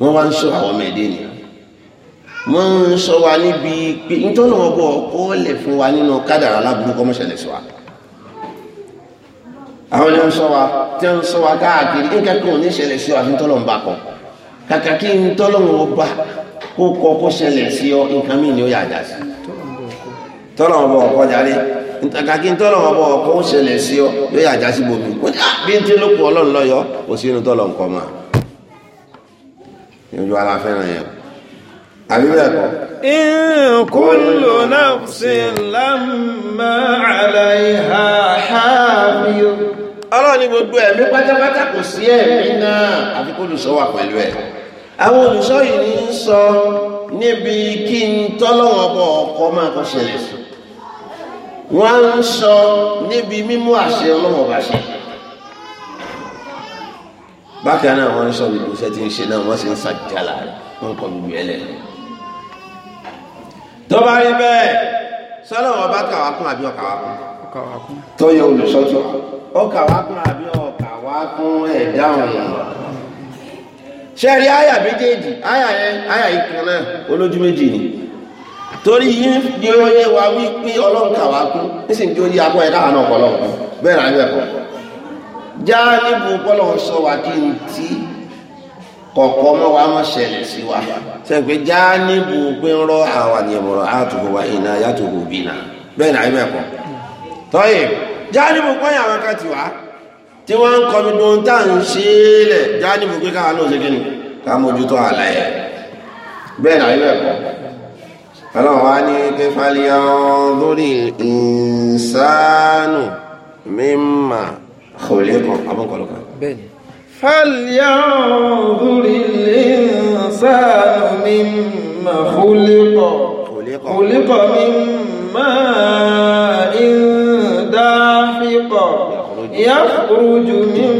wọ́n wá ń ṣọ́ àwọn ọmọ ẹ̀dẹ́ ni wọ́n ń ṣọ́ wa níbi pé nítorí wọn bọ̀ ọkọ̀ lẹ̀ fún wa nínú kádàrá aláburú kọ́mọ́ṣẹ̀lẹ̀ wa àwọn ni wọ́n sọ wa tí wọ́n sọ wa káàkiri nǹkan kan ò ní ṣẹlẹ̀ sí ọ àfi tọ́lọ̀ ń bá kan kàkà kí n tọ́lọ̀ ń bá kó kọ kó ṣẹlẹ̀ sí ọ nǹkan mí ni ó yà dá sí tọ́lọ̀ ń bọ̀ ọ̀kọ́ jáde kàkà kí n ń bọ̀ ọ̀kọ́ ó ṣẹlẹ̀ sí ọ yóò yà dá sí bòmí bí n ti lóko ọlọ́run lọ́yọ́ kò sí inú tọ́lọ̀ nǹkan mọ́ ìjọba la fẹ́ràn yẹn àbíbẹ̀ kọ́. in kullu nafsin lamma alayha hafiz. ọlọ́run ní gbogbo ẹ̀mí pátápátá kò sí ẹ̀mí náà àfi kó lùsọ wà pẹ̀lú ẹ̀. àwọn olùsọ yìí ní ń sọ níbi kí n tọ́lọ́wọ́ bọ̀ ọkọ̀ máa kọ́ ṣẹlẹ̀ sùn. wọ́n ń sọ níbi mímú àṣẹ ọlọ́wọ́ ṣe bákan wọ́n ń sọ gbogbo iṣẹ́ tí ń ṣe náà wọ́n sì ń sàjálà ń kọ gbogbo ẹlẹ́nu tó bá rí bẹ́ẹ̀ sọ́nà wọn bá kà kún àbí ọ̀kàwá wá kún tó yẹ olùsọ́tọ̀ ọkà kún àbí ọ̀kàwá wá kún ẹ̀dá ọ̀nà ṣẹ́rí àyà méjèèjì àyà yẹn àyà ìkan náà olójú méjì ni torí yìí ni ó yẹ wa wípé ọlọ́run kàwá wá kún nísìnyí tí ó yí akọ́ ẹ̀dá àwọn ọ̀pọ̀lọpọ̀ bẹ́ẹ̀ náà ń bẹ̀ kọ́ bọ́lọ̀ sọ wà kí n tí kọ̀ọ̀kọ́ mọ́ wa mọ́ ṣẹlẹ̀ sí wa sẹ́gbẹ́ já níbu pé ń rọ́ àwa ni ẹ̀mọ̀rọ̀ àtòkò wa ìnà yàtòkò bí nà bẹ́ẹ̀ náà ibẹ̀ kọ́ tọ́yì já níbu pé àwọn ti wá tí wọ́n ń kọ́ mi dùn tá à ń ṣe é lẹ̀ já níbu pé káwa náà ṣe kí ni ká mójútó wa ní kí fàlíyà lórí ìsánù mímà kò lè kọ́ abọ́kọ̀lọ́kọ̀ bẹ́ẹ̀ ni فلينظر الإنسان مما خلق خلق, خلق من ماء دافق يخرج من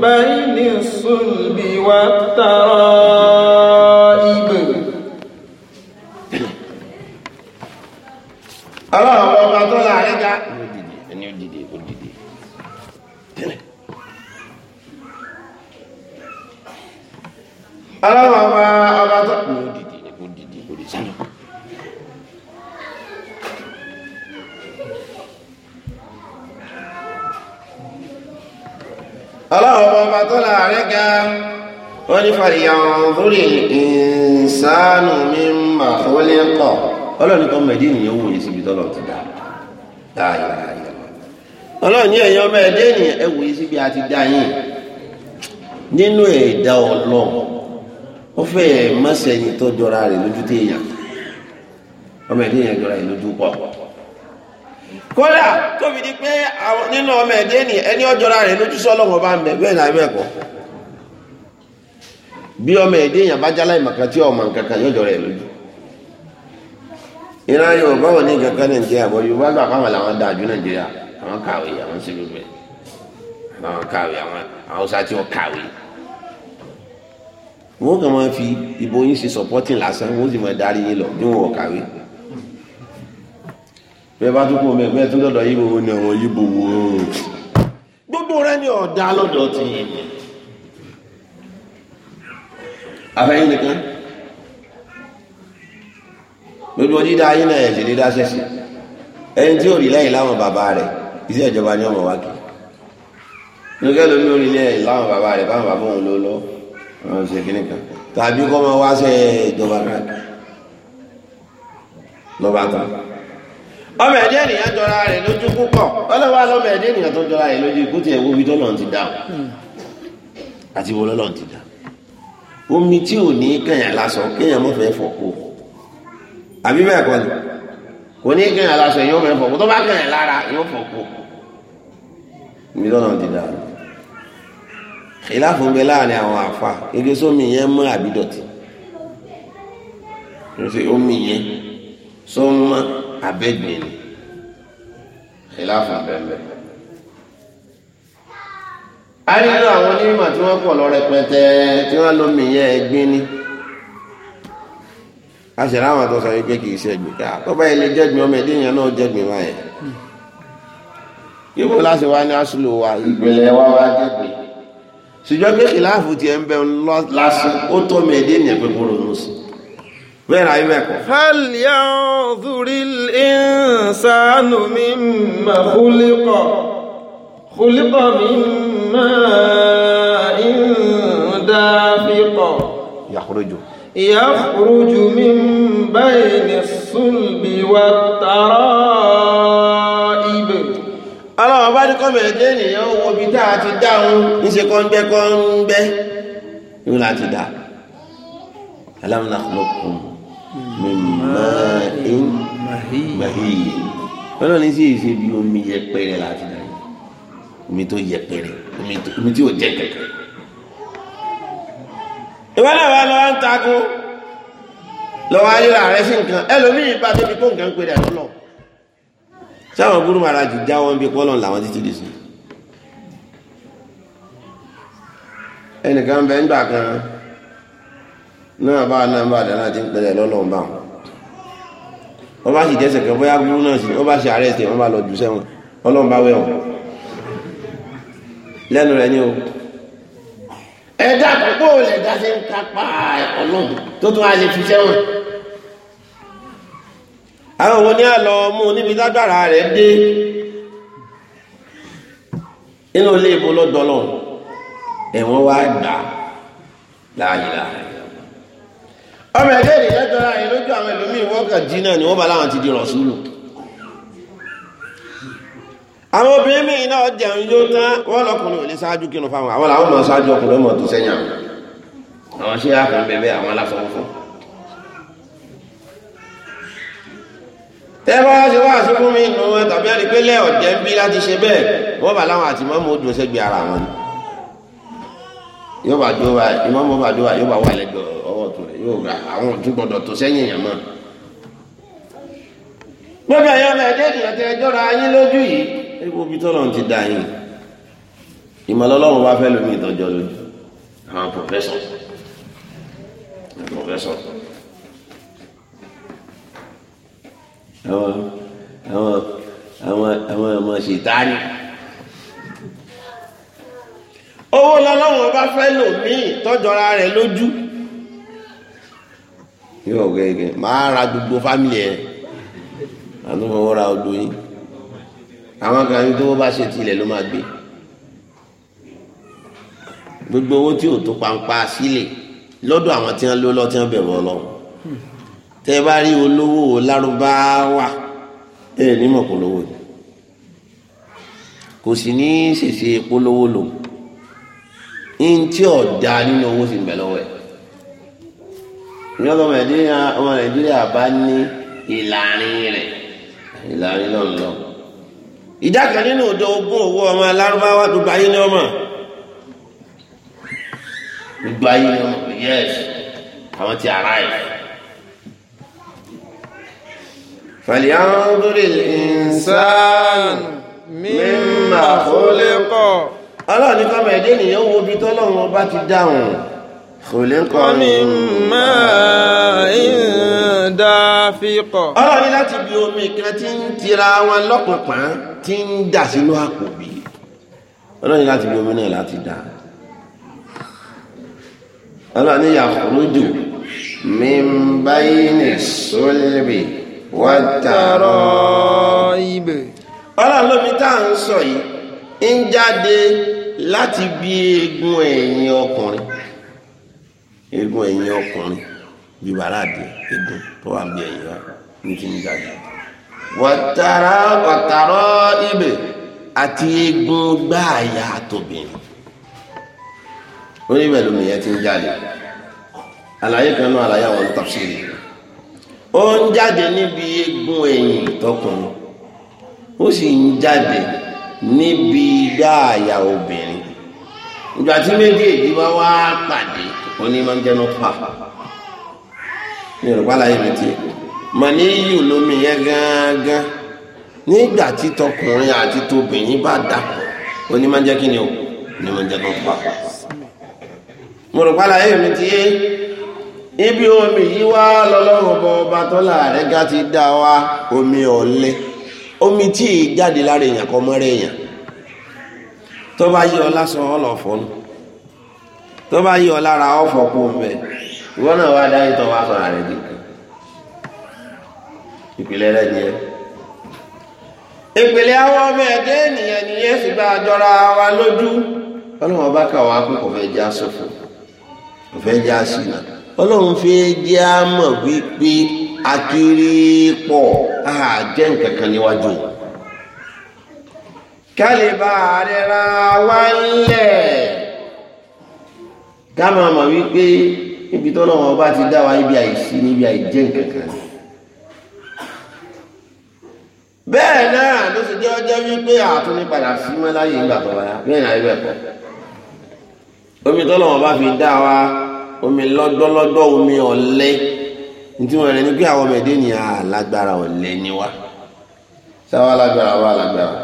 بين الصلب والتراب aláwọ̀ ọba ọba tó kù ó dìde ní kó dìde kó lè sálọ. aláwọ̀ ọba ọba tó láàárẹ̀ ga wọ́n ní falyanzuri al-insanu mimma khuliqa ọlọ́run kan mẹ̀dí ènìyàn wòye síbi tọ́lọ̀ ti dá dáadáa ọlọ́run ní ẹ̀yàn ọmọ síbi àti dá nínú ẹ̀dá ọlọ́run ó fẹ́ mọ́sẹ̀yìn tó jọra rẹ̀ lójú téèyàn ọmọ ẹ̀dẹ́ yẹn jọra rẹ̀ lójú pọ̀ kódà tó fi di pé nínú ọmọ ẹ̀dẹ́ ni ẹni ọjọ́ra rẹ̀ lójú sọ́lọ́wọ́ bá ń bẹ̀ bẹ́ẹ̀ náà bẹ́ẹ̀ kọ́ bí ọmọ ẹ̀dẹ́ yẹn bá jálá ìmọ̀kan tí ọmọ nǹkan kan yọjọ́ rẹ̀ lójú ìran wọn ní nàìjíríà bọ yorùbá gbà fáwọn làwọn dáa ju nàìjíríà àwọn àwọn bẹ wọ́n kàn máa fi ìbò yín ṣe supporting lásán wọ́n sì máa darí yín lọ bí wọ́n kàwé bẹ́ẹ̀ bá tún kún ọmọ ẹgbẹ́ tún lọ́dọ̀ yìí gbogbo ni àwọn yìí bò wò ó gbogbo rẹ ni ọ̀dà lọ́dọ̀ ti yẹn afẹ́yìn nìkan gbogbo dídá ayé náà ẹ̀sìn dídá ṣẹ̀ṣì ẹni tí ò rí lẹ́yìn láwọn bàbá rẹ̀ iṣẹ́ ìjọba ni ọmọ wákì nígbà lómi ò rí lẹ́yìn láwọn bàbá rẹ̀ báwọn bàbá òun ló lọ́wọ́ wọn ṣe kíní kan tàbí kọ́ máa wá ṣe ìjọba kan lọ́ba tán ọmọ ẹ̀dẹ́ ènìyàn jọra rẹ̀ lójú púpọ̀ ọlọ́wọ́ alọ́mọ ẹ̀dẹ́ ènìyàn tó jọra rẹ̀ lójú ikú tiẹ̀ wóbi tó lọ́n ti dá o àti wo lọ́n ti dá omi tí ò ní kẹ̀yàn lásán kẹ̀yàn mọ́ fẹ́ fọ̀ kó àbí bẹ́ẹ̀ kọ́ ni kò ní kẹ̀yàn lásán yóò fẹ́ fọ̀ kó tó bá kẹ̀yàn lára yóò fọ̀ kó mi lọ́n ti dá o. ìláfọ̀ ń bẹ láàrin àwọn àfa igi sómi yẹn mọ́ àbídọ̀tì omi yẹn sọ́mọ́ abẹ́gbìn ni ìláfọ̀ ń a rí àwọn onímọ̀ tí wọ́n pọ̀ lọ rẹpẹtẹ tí wọ́n lómi yẹn a kì í ṣe ọmọ ẹ̀dín yẹn ní ṣùgbọ́n pé kìláàfù ti ẹ̀ ń bẹ lásán ó tọ́ mi ẹ̀dẹ́ ènìyàn pé kó ronú sí bẹ́ẹ̀ ráyé mẹ́kọ̀ọ́. fàlíà ọ̀dùrí ìsànù mi mà kúlíkọ̀ kúlíkọ̀ mi mà ìdáfíkọ̀. yàkúrójò. yàkúrójò mi báyìí ní sùlbì wà tààrà ní kọ́mọ̀ ẹ̀dẹ́ ènìyàn wo ibi tá a ti dáhùn níṣe kọ́ ń gbẹ́ kọ́ ń gbẹ́ yóò láti dá alam nakhluqukum min ma'in mahiy lọ́nà ní sí ìṣe bí omi yẹpẹrẹ láti dá omi tó yẹpẹrẹ omi tí ò jẹ kẹkẹ ìwọ́nà wa lọ́wọ́ ń takun lọ́wọ́ ayé rẹ̀ sí nǹkan ẹlòmíì bá débi kó nǹkan ń pè rẹ̀ lọ́wọ́ sáwọn gúrú mara jù jáwọ́ ń bí pọ́lọ̀ làwọn títí dì sí ẹnìkan bẹ ń gbà kan náà bá náà bá dáná ti ń pẹ̀lẹ̀ lọ́lọ́run bá wọn wọ́n bá sì jẹ́sẹ̀ kan bóyá gúrú náà sí wọ́n bá ṣe àárẹ̀ sí wọ́n bá lọ jù sẹ́wọ̀n ọlọ́run bá wẹ̀ wọ́n lẹ́nu rẹ̀ ni o ẹ̀dá àkókò lẹ̀dá ṣe ń kápá ọlọ́run tó tún á lè fi sẹ́wọ̀n àwọn òun ní àlọ́ mú níbi tágbàrà rẹ̀ dé inú ilé ìbò lọ́dọ̀ọ́lọ́ ẹ̀wọ̀n wá gbà láàyè láàyè ọmọ ẹgbẹ́ ìrìn lẹ́jọ́ láàyè lójú àwọn ẹlòmíín wọ́n kà jí náà ni wọ́n bá láwọn ti di rọ̀súlù àwọn obìnrin míì náà jẹun yóò tán wọ́n lọ́kùnrin ò lè ṣáájú kínú fáwọn àwọn làwọn mọ̀ ṣáájú ọkùnrin mọ̀ tó sẹ́yìn àwọn àwọn ṣé àkànbẹ̀bẹ̀ àwọn aláfọwọ́fọ́ tẹ́bá ṣe wá àṣíkú mi nù wọn tàbí ẹni pé lẹ́ ọ̀jẹ́ ń bí láti ṣe bẹ́ẹ̀ wọ́n bá láwọn àti mọ́mọ́ ojú ọ̀sẹ̀ gbé ara wọn ni yóò bá dó wa ìmọ̀mọ́ bá dó wa yóò bá wà lẹ́gbẹ̀ ọwọ́ tó rẹ̀ yóò gba àwọn òtún gbọ́dọ̀ tó sẹ́yìn èèyàn mọ́. gbogbo ẹ̀yọ́ ọmọ ẹ̀jẹ̀ ènìyàn tẹ ẹjọ́ ra lójú yìí ewu omi tọ́lọ̀ ti da yín ìmọ̀lọ́lọ́run bá fẹ́ lómi ìtọ́jọ́ lójú àwọn pòfẹ́sọ̀ àwọn àwọn àwọn àwọn ọmọ ṣètáni owó lọ́lọ́wọ́n bá fẹ́ lò ní tọ́jọra rẹ̀ lójú yóò gẹ́gẹ́ máa ra gbogbo fámìlì ẹ̀ àtúnfọwọ́ ra odò yìí àwọn kan ní tó bá ṣe tilẹ̀ ló máa gbé gbogbo owó tí ò tó pampa sílẹ̀ lọ́dọ̀ àwọn tí wọ́n ló lọ́ tí wọ́n bẹ̀rù ọlọ́run tẹ bá rí olówó lárúbáwá ẹ ní mọ̀ polówó ni kò sì ní ṣèṣe polówó lò ní tí ọ̀dà nínú owó sì ń bẹ̀ lọ́wọ́ ẹ̀ ìyọ́n ọmọ nàìjíríà ọmọ nàìjíríà bá ní ìlàrin rẹ̀ ìlàrin náà lọ ìdá kan nínú òdo ogún owó ọmọ alárúbáwá gbogbo ayé ni ọmọ gbogbo ayé ọmọ yes àwọn ti ara ẹ̀. فلينظر الإنسان مما خلق ọlọ́run ní kọ́mọ̀ ẹ̀dẹ́ ènìyàn wo bí tọ́lọ́run ọba ti dáhùn خلق من ماء دافق ọlọ́run ní láti bí omi kan tí ń tira wọn lọ́pọ̀pọ̀n tí ń dà sínú àpòbí ọlọ́run ní láti bí omi náà láti dá ọlọ́run ní يخرج من بين الصلب wàtàrọ̀ìb ibe ọla tá à ń sọ yìí ń jáde láti bí eegun ẹ̀yìn ọkùnrin eegun ẹ̀yìn ọkùnrin bí wàrà àdé eegun tó wà bí ẹ̀yìn wa ní ti ń jáde àti gbáàyà tóbìnrin yẹn ti ń jáde àlàyé kan náà àlàyé ó ń jáde níbi eegun ẹ̀yìn tọkùnrin ó sì ń jáde níbi dáàyà obìnrin ìgbà tí méjèèjì bá wá pàdé máa ń pa láyé mi ti mọ̀ ní lómi yẹn gángan nígbà tí tọkùnrin àti ni o òní máa ń jẹnu pa mo láyé mi ibi omi yìí wá lọ́lọ́run bọ ọba tó láàrẹ́ ti dá wa omi ole omi tí ì jáde lára èèyàn kọ mọ́rẹ́ èèyàn tó bá yí ọ lásán ọ lọ fọnù tó bá wá dáyé tó wá sọ ìpìlẹ̀ rẹ̀ nìyẹn ìpìlẹ̀ àwọn ọmọ ẹ̀dẹ́ ènìyàn sì bá jọra wa lójú ọlọ́run ọba kà wá kó kò fẹ́ já ọlọ́run fi jẹ́ á mọ̀ wípé akiri pọ̀ á jẹ́ nǹkan kan níwájú kálíbà rẹra wá ńlẹ̀ ká máa mọ̀ wípé níbi tọ́lọ́run ọba ti dá wa níbi àìsí níbi àìjẹ́ nǹkan ni bẹ́ẹ̀ náà ló sì jẹ́ ọjọ́ wípé àtún ní padà sí mọ́ láyé ìgbà tó wáyá bẹ́ẹ̀ náà ẹgbẹ́ pọ̀ omi tọ́lọ́wọ́n bá fi dá wa omi lọ́dọ́lọ́dọ́ omi ọ̀lẹ ntí wọn rẹ ní pé àwọn ni alagbara ọ̀lẹ ni wá sáwọn alágbára wà alágbára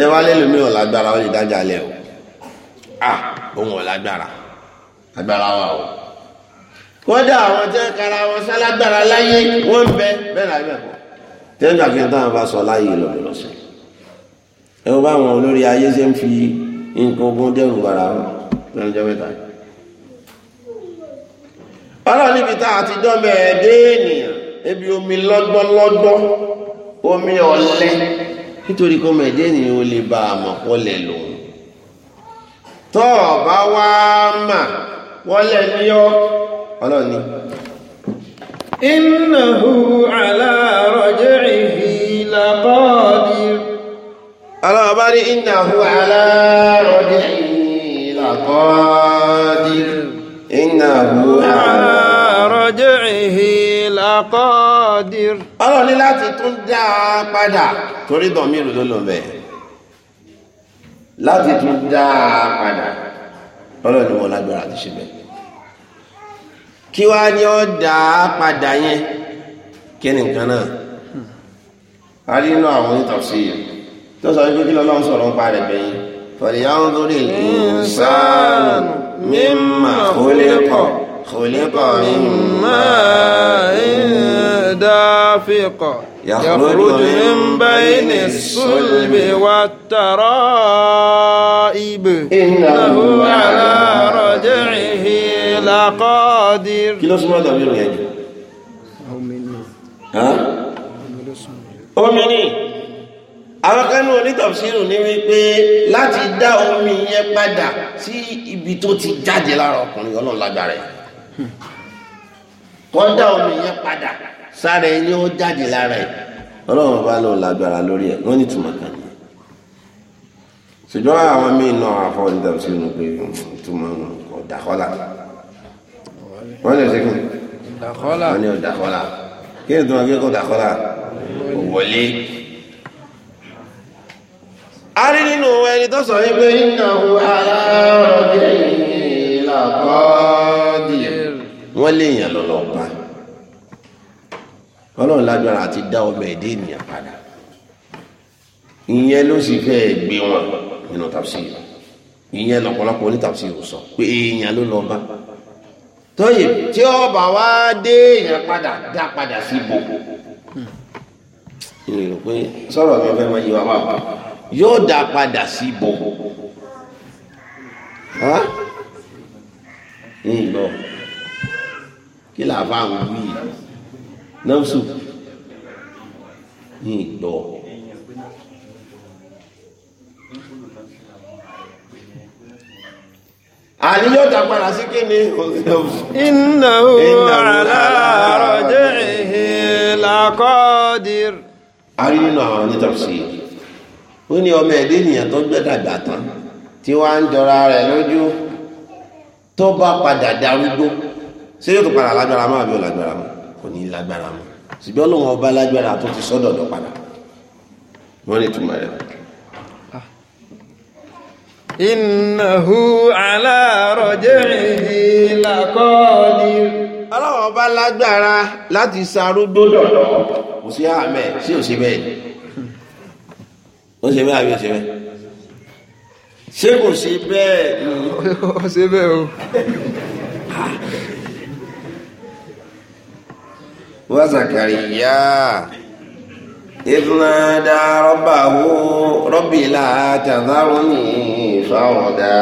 ẹ wá lẹ́nu mi ọ̀lágbára ó dájà lẹ o ah òun ọ̀lágbára wà o kódà àwọn tí kara wọn sálágbára láyé wọn bẹ náà táwọn bá sọ láyé ẹ bá olórí ayé ṣe ń fi nǹkan lọ́jọ́ mẹ́ta ọlọ́run níbi tá a ti dọ́mẹ̀ ẹ̀dẹ́ ènìyàn ebi omi lọ́gbọ́lọ́gbọ́ omi ọ̀lẹ nítorí kó mọ̀ ẹ̀dẹ́ ènìyàn ó lè ba àmọ̀ pọ́lẹ̀ lòun tọ́ ọ̀bá wá mà wọ́lẹ̀ ní ọ́ ọlọ́run ni innahu ala raj'ihi laqadir ọlọ́run bá rí innahu ala raj'ihi لقادر إنه على رجعه لقادر ọlọ́run ní láti tún dá a padà torí dọ̀míìrù ló lò bẹ́ẹ̀ láti tún dá a padà ọlọ́run ní wọn lágbára àti ṣe bẹ́ẹ̀ kí wá ní ọ dá a padà yẹn kí ni nǹkan náà hmm. a rí inú àwọn onítọ̀sí yìí tó sọ wípé kí lọ́lọ́run sọ̀rọ̀ ń pa rẹ̀ bẹ́yìn فلينظر الإنسان مما خلق خلق من ماء دافق يخرج من بين الصلب والترائب إنه على رجعه لقادر كيلو اسمه ضمير يجي أمني ها أمني àwọn kan náà onítọ̀síìrù ní wípé láti dá omi yẹn padà sí ibi tó ti jáde lára ọkùnrin ọlọ́run lágbára ẹ̀ kọ́ dá omi yẹn padà sára ẹni ó jáde lára ẹ̀ ọlọ́run bá lòun lágbára lórí ẹ̀ wọ́n ní ìtumọ̀ kan ní ṣùgbọ́n àwọn míì náà afọ onítọ̀síìrù pé ìtumọ̀ kò dàkọ́là wọ́n lè ṣe kí ni dàkọ́là wọ́n ní ọ̀dàkọ́là kí ni ìtumọ̀ kí ni kò dàkọ́là òwòlé a rí nínú ẹni tó sọ wípé innahu ala rabbihi laqadir wọ́n lè yàn lọ́lọ́ pa ọlọ́run lágbára àti dá ọmọ ẹ̀dẹ́ ènìyàn padà ìyẹn ló sì fẹ́ gbé wọn nínú tafsir ìyẹn lọ́pọ̀lọpọ̀ ní tafsir sọ pé èèyàn ló lọ bá tọ́yìn tí ọba wá dé èèyàn padà dá padà sí gbogbo. ìrìn pé sọ̀rọ̀ mi fẹ́ máa yí wa wà pa yóò dá padà sí ibò ńlọ kí làbá àwọn wí nọ́ọ̀sù ńlọ. àní yóò dá padà sí kí ni. innahu ala raj'ihi laqadir. a rí nínú àwọn onítàbí sí ó ní ọmọ ẹ̀dẹ́ ènìyàn tó gbẹ́ dàgbà tán tí wàá ń jọra rẹ̀ lójú tó bá padà darúgbó ṣé yóò tó padà lágbára mọ́ àbí ò lágbára mọ́ kò ní lágbára mọ́ ṣùgbọ́n lóun ọba lágbára tó ti sọ́dọ̀dọ̀ padà wọ́n lè túmọ̀ rẹ̀. Ah. innahu ala raj'ihi laqadir. ọlọ́wọ́n ọba lágbára láti sarúgbó dọ̀dọ̀ kò sí àmẹ́ sí òṣèbẹ́ẹ̀ ó ṣe bẹ́ẹ̀ àbí ó ṣe bẹ́ẹ̀ ṣé kò ṣe bẹ́ẹ̀ ó ṣe bẹ́ẹ̀ o. wa zakariya ìfúnnadà rọ́bà wo rọ́bì láàtàdárò ní ìfáwọ̀dà.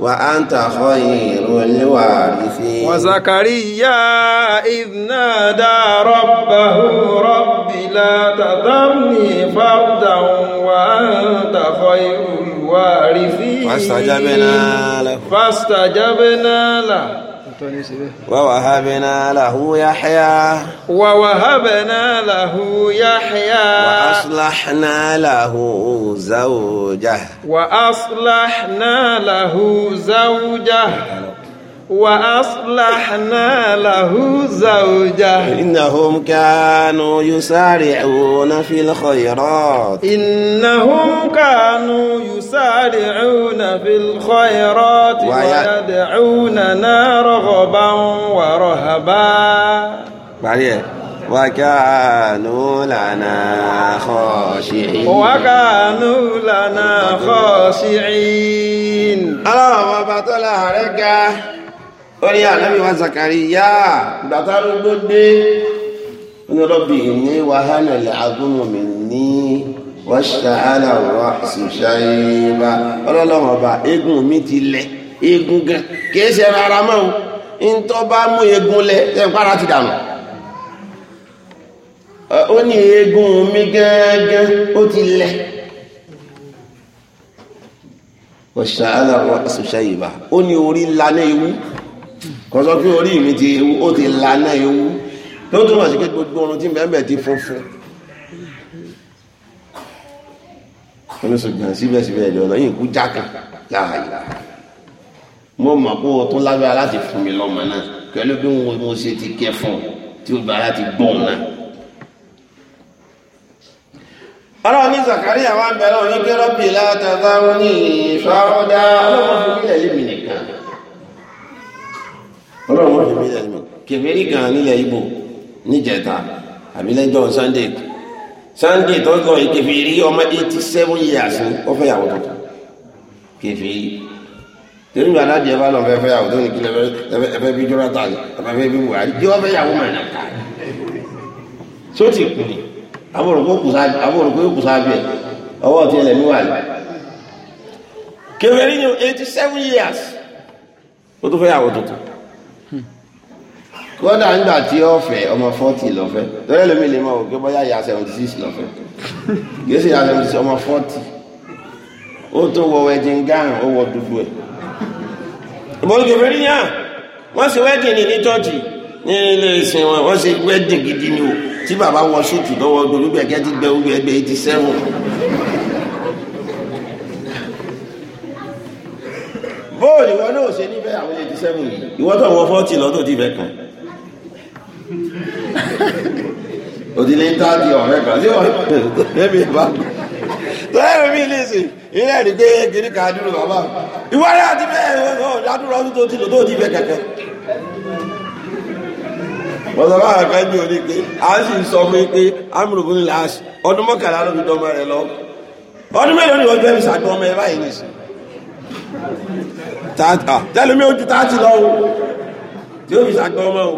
وأنت خير الوارثين وزكريا إذ نادى ربه رب لا تذرني فردا وأنت خير الوارثين فاستجبنا له فاستجبنا له ووهبنا له يحيى ووهبنا له يحيى وأصلحنا له زوجه وأصلحنا له زوجه وأصلحنا له زوجه إنهم كانوا يسارعون في الخيرات إنهم كانوا يسارعون في الخيرات ويدعوننا رغبا ورهبا بعدين وكانوا لنا خاشعين وكانوا لنا خاشعين الله أكبر ó ní ah, ànábì wa Zakariya gbàtàrúgbó dé ní rọ́bì ní wàhánà lè agúnmọ̀mí ní wọ́ṣà aláwọ̀ ṣùṣàyẹ̀bá ọlọ́lọ́wọ̀n ọba eégún mi ti lẹ̀ eégún gan kìí ṣe rárá mọ́ ń tọ́ bá mú eégún lẹ̀ tẹ́ǹpára ti dànù ó ní eégún mi gángan ó ti lẹ̀ wọ́ṣà aláwọ̀ ṣùṣàyẹ̀bá ó ní orí ńlá ní ewu kò sọ pé orí mi ti ewu ó ti lana ewu ló túmọ̀ sí pé gbogbo orun tí mẹ́mẹ́ ti funfun oníṣùgbọ́n síbẹ̀síbẹ̀ ìlú ọ̀nà yìí kú jákà láàyè mo mọ̀ pé o tún lágbára láti fún mi lọ́mọ náà pẹ̀lú bí mo ṣe ti kẹ́ fún ọ tí o gbára ti gbọ́n náà. ọlọ́run ní Zakaria wà bẹ̀rẹ̀ òní pé rọ́bì látàzáwọ́ ní ìfọ́dá ọlọ́run fún ilẹ̀ yìí ọlọ́run fi mílẹ̀ mi kẹfẹ́rí kan nílẹ̀ ibo níjẹta àbí lẹ́jọ́ sunday sunday tọ́jọ́ ìkẹfẹ́rí ọmọ eighty seven years ni ó fẹ́ yàwó tuntun kẹfẹ́rí tẹ̀lé ìgbà láti ẹ̀fà lọ fẹ́fẹ́ yàwó tó ní kí ẹfẹ́ bí jonathan ẹfẹ́ bí buhari bí wọ́n fẹ́ yàwó mọ̀ ní ká tí ó ti kù ní abọ́rùkú kù sáájú ẹ̀ ọwọ́ ti ẹlẹ́mí wà lọ kẹfẹ́rí ni eighty seven years ó tó fẹ́ yàwó tuntun kódà nígbà tí ó fẹ́ ọmọ forty lọ́fẹ́ lọ́rẹ́ lómi lè mọ̀ òkè bọ́yá ya seventy six lọ́fẹ́ gèsè ya seventy six ọmọ forty ó tó wọ wedding gown ó wọ dúdú ẹ̀. ìbòlùkè fẹ́rí yàn wọ́n ṣe wedding ní ní church ní ilé ìsìn wọn wọ́n ṣe wedding gidi ni o tí bàbá wọ ṣúùtù lọ́wọ́ gbẹ̀lúgbẹ̀kẹ́ ti gbẹ ẹgbẹ́ eighty seven. bóòlù ìwọ náà ṣe nífẹ̀ẹ́ àwọn eighty seven yìí ìwọ tó wọ forty lọ́tọ̀ tí ì òdìlé ń tá di ọ̀rẹ́ kan sí ọ̀rẹ́ ẹ̀mí ìbá tó ẹ̀rọ mi lè sè ilé ẹ̀rí pé kiri ká dúró bàbá ìwádìí àti bẹ́ẹ̀ ládùúrọ̀ ọdún tó ti lò tó ti bẹ kẹ̀kẹ́ bọ́sọ̀bá àkàn ní òní pé a sì sọ fún pé amúròbó ní láàṣì ọdún mọ́kànlá ló fi dọ́mọ rẹ lọ ọdún mélòó ni wọ́n gbé mi sàgbọ́n ọmọ ẹ báyìí nìsí tẹ́lẹ̀ mi ojú tá a ti lọ tí ó fi sàgbọ́n ọmọ o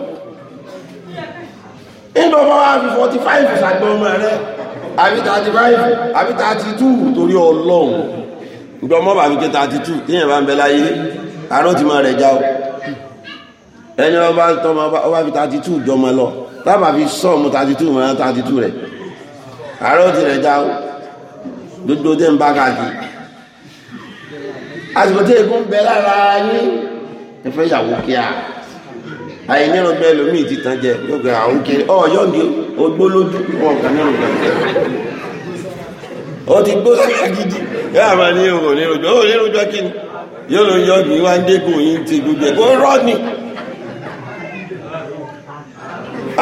nítorí wọn wá fi forty five ṣàgbọ́n rẹ àbí thirty five àbí thirty two torí ọlọ́run ìgbà ọmọ bàbí ké thirty two téèyàn bá ń bẹ láyé àárọ̀ tí máa rẹ̀ já o ẹni ọba tọmọ ọba fi thirty two jọmọ lọ tábà fi sọ́ọ̀mù thirty two mọ́ thirty two rẹ̀ àárọ̀ tí rẹ̀ já o gbogbo dé ń bá káàkiri àsìkò tí èkó ń bẹ lára yín ẹ fẹ́ yàwó kíá àìnírun bẹ́ẹ̀ lómi ti jẹ yóò gbé ó ti gbó sí gidi yóò àmà ní òhò nírun jọ òhò nírun jọ kí yóò lọ yọ̀ǹde wá ń dégùn yín ti gbogbo ẹ̀ rọ́ ni.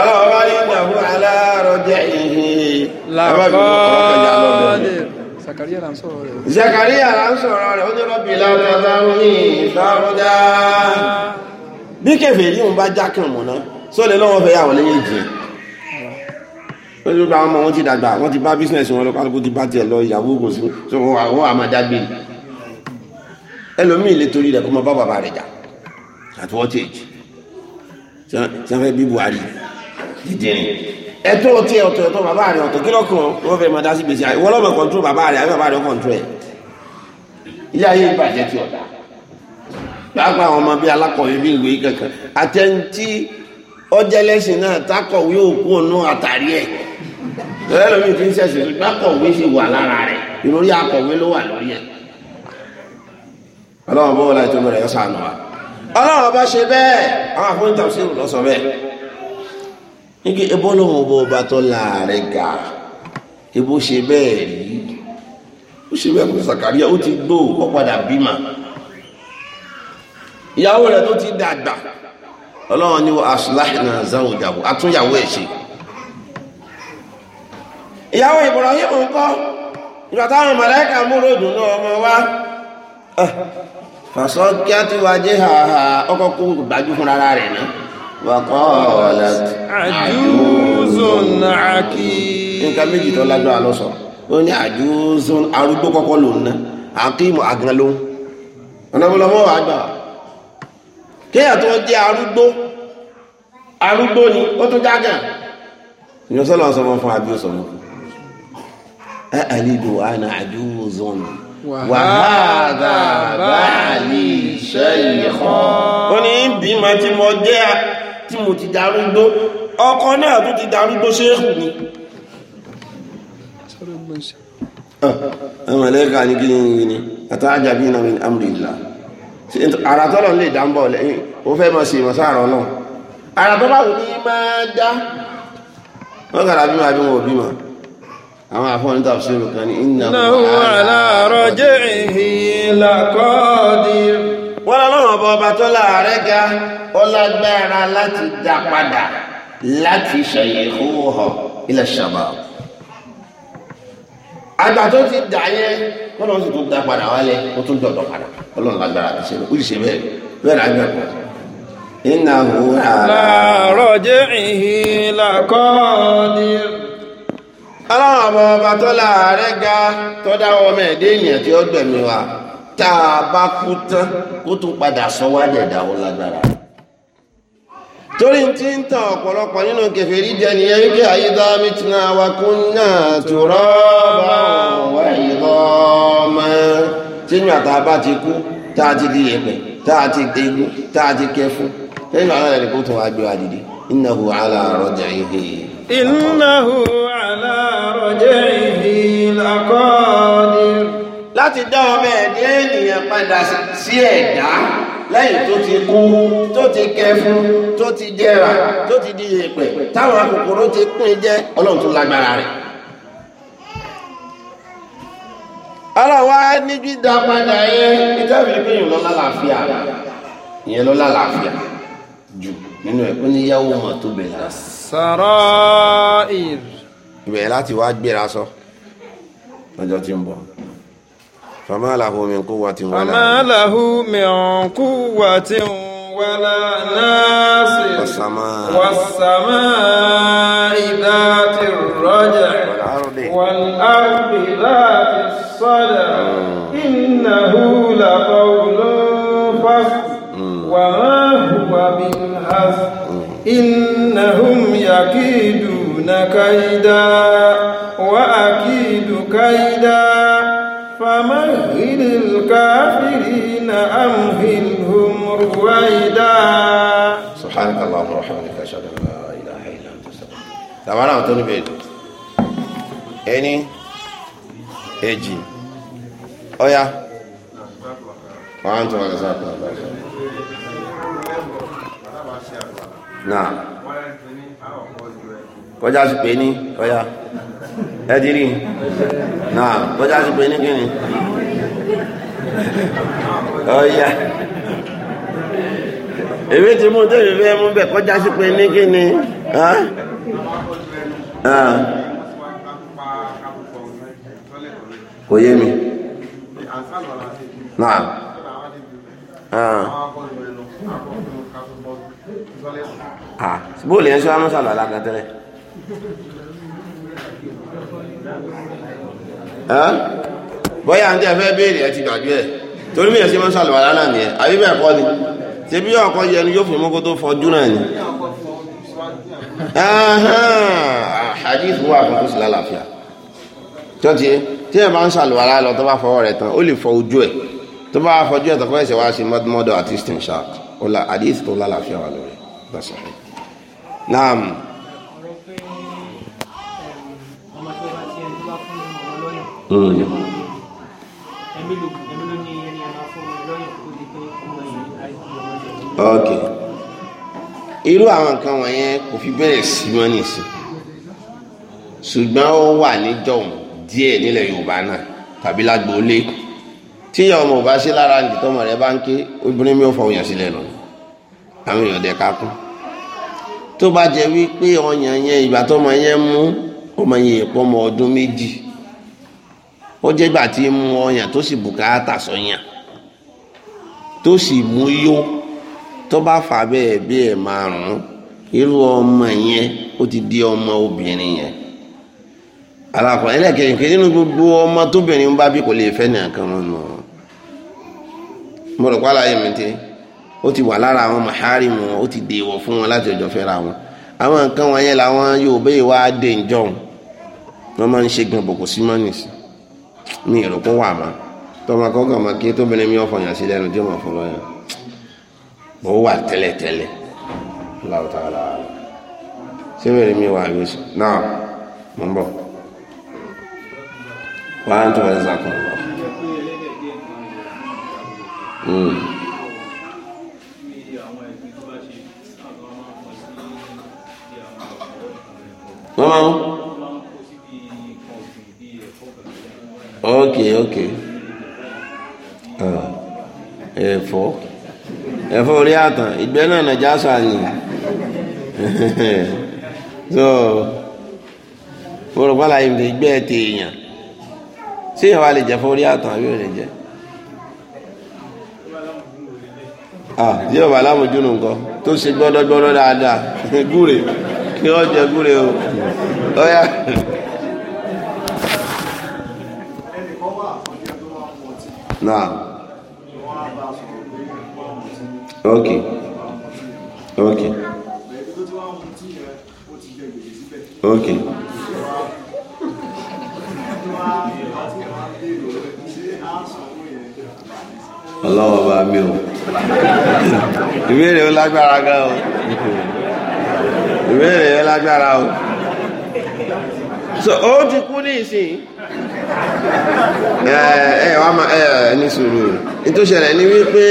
aláwọ̀ wá ní ìdààmú alárọ̀jẹ̀ ìhìn làkọ́ọ̀dẹ̀ zakariya rẹ̀ ó ní rọ́bì látàdá ní ìfàrọ̀dá bí kẹfẹ́ yìí ń bá jákàn mọ̀ná sólè lọ́wọ́ fẹ́ yàwó lẹ́yìn ìjìn lójú pé àwọn ọmọ wọn ti dàgbà wọn ti bá bísínẹ̀sì wọn lọ kálukú ti bá tiẹ̀ lọ ìyàwó ògùn sí so àwọn àmàdágbé ẹlòmíì lè torí rẹ̀ kó mọ bá bàbá rẹ̀ jà at what age tí wọ́n fẹ́ bí Buhari dídé rìn ẹ̀tọ́ tí ọ̀tọ̀ ẹ̀tọ́ bàbá rẹ̀ ọ̀tọ̀ kí lọ́kàn wọ́n fẹ́ máa dá sí gbèsè ìwọ́lọ́mọ̀ kọ̀ǹtró bàbá rẹ̀ àbí bàbá rẹ̀ kọ̀ǹtró ẹ̀ ilé ayé ìbàjẹ́ ti ọ̀dà pàápàá àwọn ọmọ bíi alákọ̀wé bíi ìwé kankan àtẹ̀ntì ọjẹ́lẹ́sìn náà tákọ̀wé òkú ọ̀nà àtàrí ẹ̀ lọ́yẹ́ lómi fi ń ṣẹ̀ṣẹ̀ gbàkọ̀wé sì wà lára rẹ̀ ìròrí akọ̀wé ló wà lórí ẹ̀. ọlọ́run bó wọlé tó bẹ̀rẹ̀ ọ̀sán àná wa ọlọ́run bá ṣe bẹ́ẹ̀ àwọn àfọwọ́n ìtàn sí ìrùlọ́ sọ bẹ́ẹ̀. nígbà ebó lòun bó ba tó láàrin gà ebó ṣe bẹ́ẹ̀ rí ó ṣe bẹ́ẹ̀ kó sàkàríyà ó ti gbó ó padà bímọ ìyàwó rẹ̀ tó ti dàgbà ọlọ́run ni aṣláhìnà záwùjáwò àtúnyàwó ẹ̀ ṣe ìyàwó Ibrahim ńkọ́ ìgbà táwọn mọ̀lẹ́kà múrò dùnú ọmọ wa fàṣọ kí á ti ha ha ọkọ̀ kó gbájú fún rárá rẹ̀ àkí nǹkan méjì tó lágbára lọ́sọ̀ ó ní arúgbó kọ́kọ́ lòun náà lòun ọ̀nà ọmọ kéèyàn tó jẹ́ arúgbó arúgbó ni ó tún jágà ìyẹn sọ́lọ́ sọmọ fún àbí sọmọ àlejò àna àjúwòsàn wàhálà báàlì ṣẹ́yìnkọ́ ó ní bímọ tí mo jẹ́ tí mo ti darúgbó ọkọ náà tó ti darúgbó ṣéèkù ni ọmọ ẹlẹ́ka ní kí ni àtàjà bí nàmì amrìlá ara tọ́lọ̀ lè dá ń bọ̀ lẹ́yìn ó fẹ́ mọ̀ sí ìmọ̀ sáàrọ̀ náà ara tó bá wù ní máa dá wọ́n kàrà bímọ àbí wọn ò bímọ àwọn àfọ́nì tàbí sí ìrùkan ní iná ala raj'ihi laqadir wọ́n lọ́nà ọba ọba wọn lọ sí tó dá padà wálé ó tún dọ̀dọ̀ padà ọlọ́run lágbára ti ṣe ó sì ṣe rà gbẹ̀ pọ̀. iná hu àárọ̀ jẹ́ ìhìn làkọ́ ni. ọlọ́run ọmọ ọba tó láàárẹ̀ ga tó dáwọ́ ọmọ ẹ̀dẹ́ ènìyàn tí ó gbẹ̀mí wa tá a bá kú tán kó tún padà sọ wá dẹ̀dà ó lágbára. torí tí ń tàn ọ̀pọ̀lọpọ̀ nínú kèfèrí jẹ ni ẹni wa kún náà tòrọ bá wà ìlọ ọmọ sínú àtàbá ti kú tá a ti di ẹ̀pẹ̀ tá a ti egun tá a ti kẹfú nínú àwọn kó tó wá gbé wa dìde ala ala raj'ihi laqadir. láti dá ọmọ ẹ̀dẹ́ ènìyàn padà lẹ́yìn tó ti kú tó ti kẹfún tó ti jẹrà tó ti di èèpẹ̀ táwọn kòkòrò ti pín jẹ ọlọ́run tó lágbára rẹ̀. ọlọ́run wá níbi dá padà yẹn ìtẹ́wé pé ìyẹn lọ́la làáfíà ìyẹn lọ́la làáfíà jù nínú ẹ̀ ó ní yàwó mọ̀ tó bẹ̀rẹ̀ lásì. sọ̀rọ̀ ìr. ìbẹ̀rẹ̀ láti wá gbéra sọ lọ́jọ́ tí ń bọ̀. فما له من قوة ولا فما له من قوة ولا ناصر والسماء والسماء ذات الرجع والأرض والأرض ذات الصدع إنه لقول فصل وما هو بالهزل إنهم يكيدون كيدا وأكيد كيدا فمهل الكافرين أمهلهم رويدا سبحانك اللهم وبحمدك أشهد أن لا إله إلا أنت أستغفرك تمام أنا توني بيت ẹni èjì ọya wọ́n tó wọ́n sá pọ̀ lọ́sọ. náà kọjá ẹ̀dìrí náà bọ́já ti pè ní kíni ọ̀yà èmi ti mú tẹ́mi fẹ́ mú bẹ̀ kọjá sí pé ní kíni kò yé mi náà bóòlù yẹn sọ amúsàlù alága bóyá àǹtí ẹ fẹ́ béèrè ẹ ti gbàgbé ẹ torí mi ẹ̀ sí mọ́ sàlùwàlá náà nìyẹn àbí bẹ́ẹ̀ kọ́ ni ṣe bí ọkọ yẹ ni yóò fi mọ́kó tó fọjú náà ni. hadith wà fún kùsùlá làáfíà tó ti tí ẹ bá ń sàlùwàlá lọ tó bá fọwọ́ rẹ̀ tán ó lè fọ ojú ẹ̀ tó bá fọjú ẹ̀ tó fọ́ ẹ̀sẹ̀ wá sí mọ́dọ̀ àti stinshak ó la tó lálàáfíà wà lórí. Mm. ok irú àwọn nǹkan wọ̀nyẹn kò fi bẹ́ẹ̀ sí mọ́ nìsín ṣùgbọ́n ó wà níjọ̀hún díẹ̀ nílẹ̀ Yorùbá náà tàbí lágbóolé tíyà ọmọ ò bá sí lára ní tọmọ rẹ bá ń ké obìnrin mi ò fọ òyàn sílẹ̀ lọ àwọn èèyàn dẹ̀ ká kún tó bá jẹ́ wípé ọyàn yẹn ìgbà tọmọ yẹn mú ọmọ yẹn pọ́ ọdún méjì ó jẹ́ gbà tí mú ọyàn tó sì bùkátà sọ́yàn tó sì mú yó tó bá fà bẹ́ẹ̀ bí márùn-ún irú ọmọ yẹn ti di ọmọ obìnrin yẹn alákọ̀ọ́ ẹlẹ́kẹ̀kẹ́ nínú gbogbo ọmọ tóbìnrin bá bí kò lè fẹ́ ní àkàn wọn nù mo rò mi ti ó ti wà lára àwọn ti dèèwọ̀ fún wọn láti ọjọ́ fẹ́ra wọn àwọn nǹkan wọn yẹn làwọn yóò bẹ́ẹ̀ wá dé ìjọ wọn máa ń ṣe mi ìrò kó wà má tọmọ akọ́kọ́ ọmọ kí tóbìnrin mi ọ̀fọ̀ yàn sí lẹ́nu tí ó mọ̀ fún lọ́yàn bó wà tẹ́lẹ̀tẹ́lẹ̀ láwùtà ara rẹ̀ ṣé bẹ̀rẹ̀ mi wà lóṣù náà mo ń bọ̀ wà ń tó ẹ̀sà kan lọ. wọ́n máa Ok, ok. Ah, ẹ̀fọ́ ẹ̀fọ́ orí àtàn ìgbẹ́ náà nàjà sọ àyìn (laughs) so wọ́n rọ̀ pàlà ìmìlẹ̀ ìgbẹ́ ẹ̀ tèèyàn sí ìyàwó lè jẹ fún orí àtàn àbí òní jẹ ah yóò bá lámùjú nù nǹkan tó ṣe gbọ́dọ̀ gbọ́dọ̀ dáadáa (laughs) gúre kí wọ́n jẹ gúre o ó yá. náà Okay. Okay. ok. ọlọ́wọ́ bá mi o ìbéèrè ó lágbára gan o ìbéèrè ó lágbára o so ó ti kú ní ìsìn ẹ wàá ma ẹ ní sùúrù nítorí ṣẹlẹ̀ ni wípé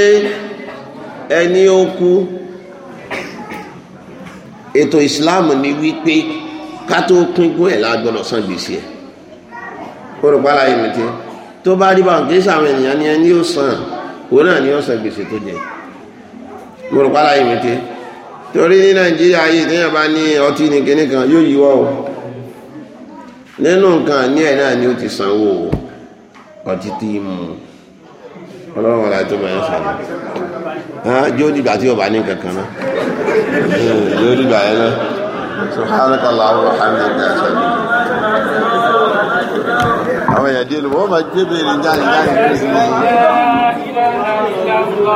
ẹni ó kú ètò ìsìláàmù ni wípé ká tó pínkún ẹ̀ lágbọ́nà san gbèsè ẹ̀ kó yìí mi tiẹ́ tó bá rí báwọn kìí sàwọn ènìyàn ni ẹni yóò san òun náà ni yóò san gbèsè tó jẹ mo yìí mi torí ní Nàìjíríà yìí téèyàn bá ní ọtí kan yóò nínú nǹkan ní ẹ̀ náà ni ó ti sanwó ọtí tí mú ọlọ́run ọ̀la tó máa ń sàlẹ̀ yóò dìgbà tí ọba ní kankan náà hmm, àwọn èèyàn díẹ̀ máa gbé bèrè jáde jáde lórí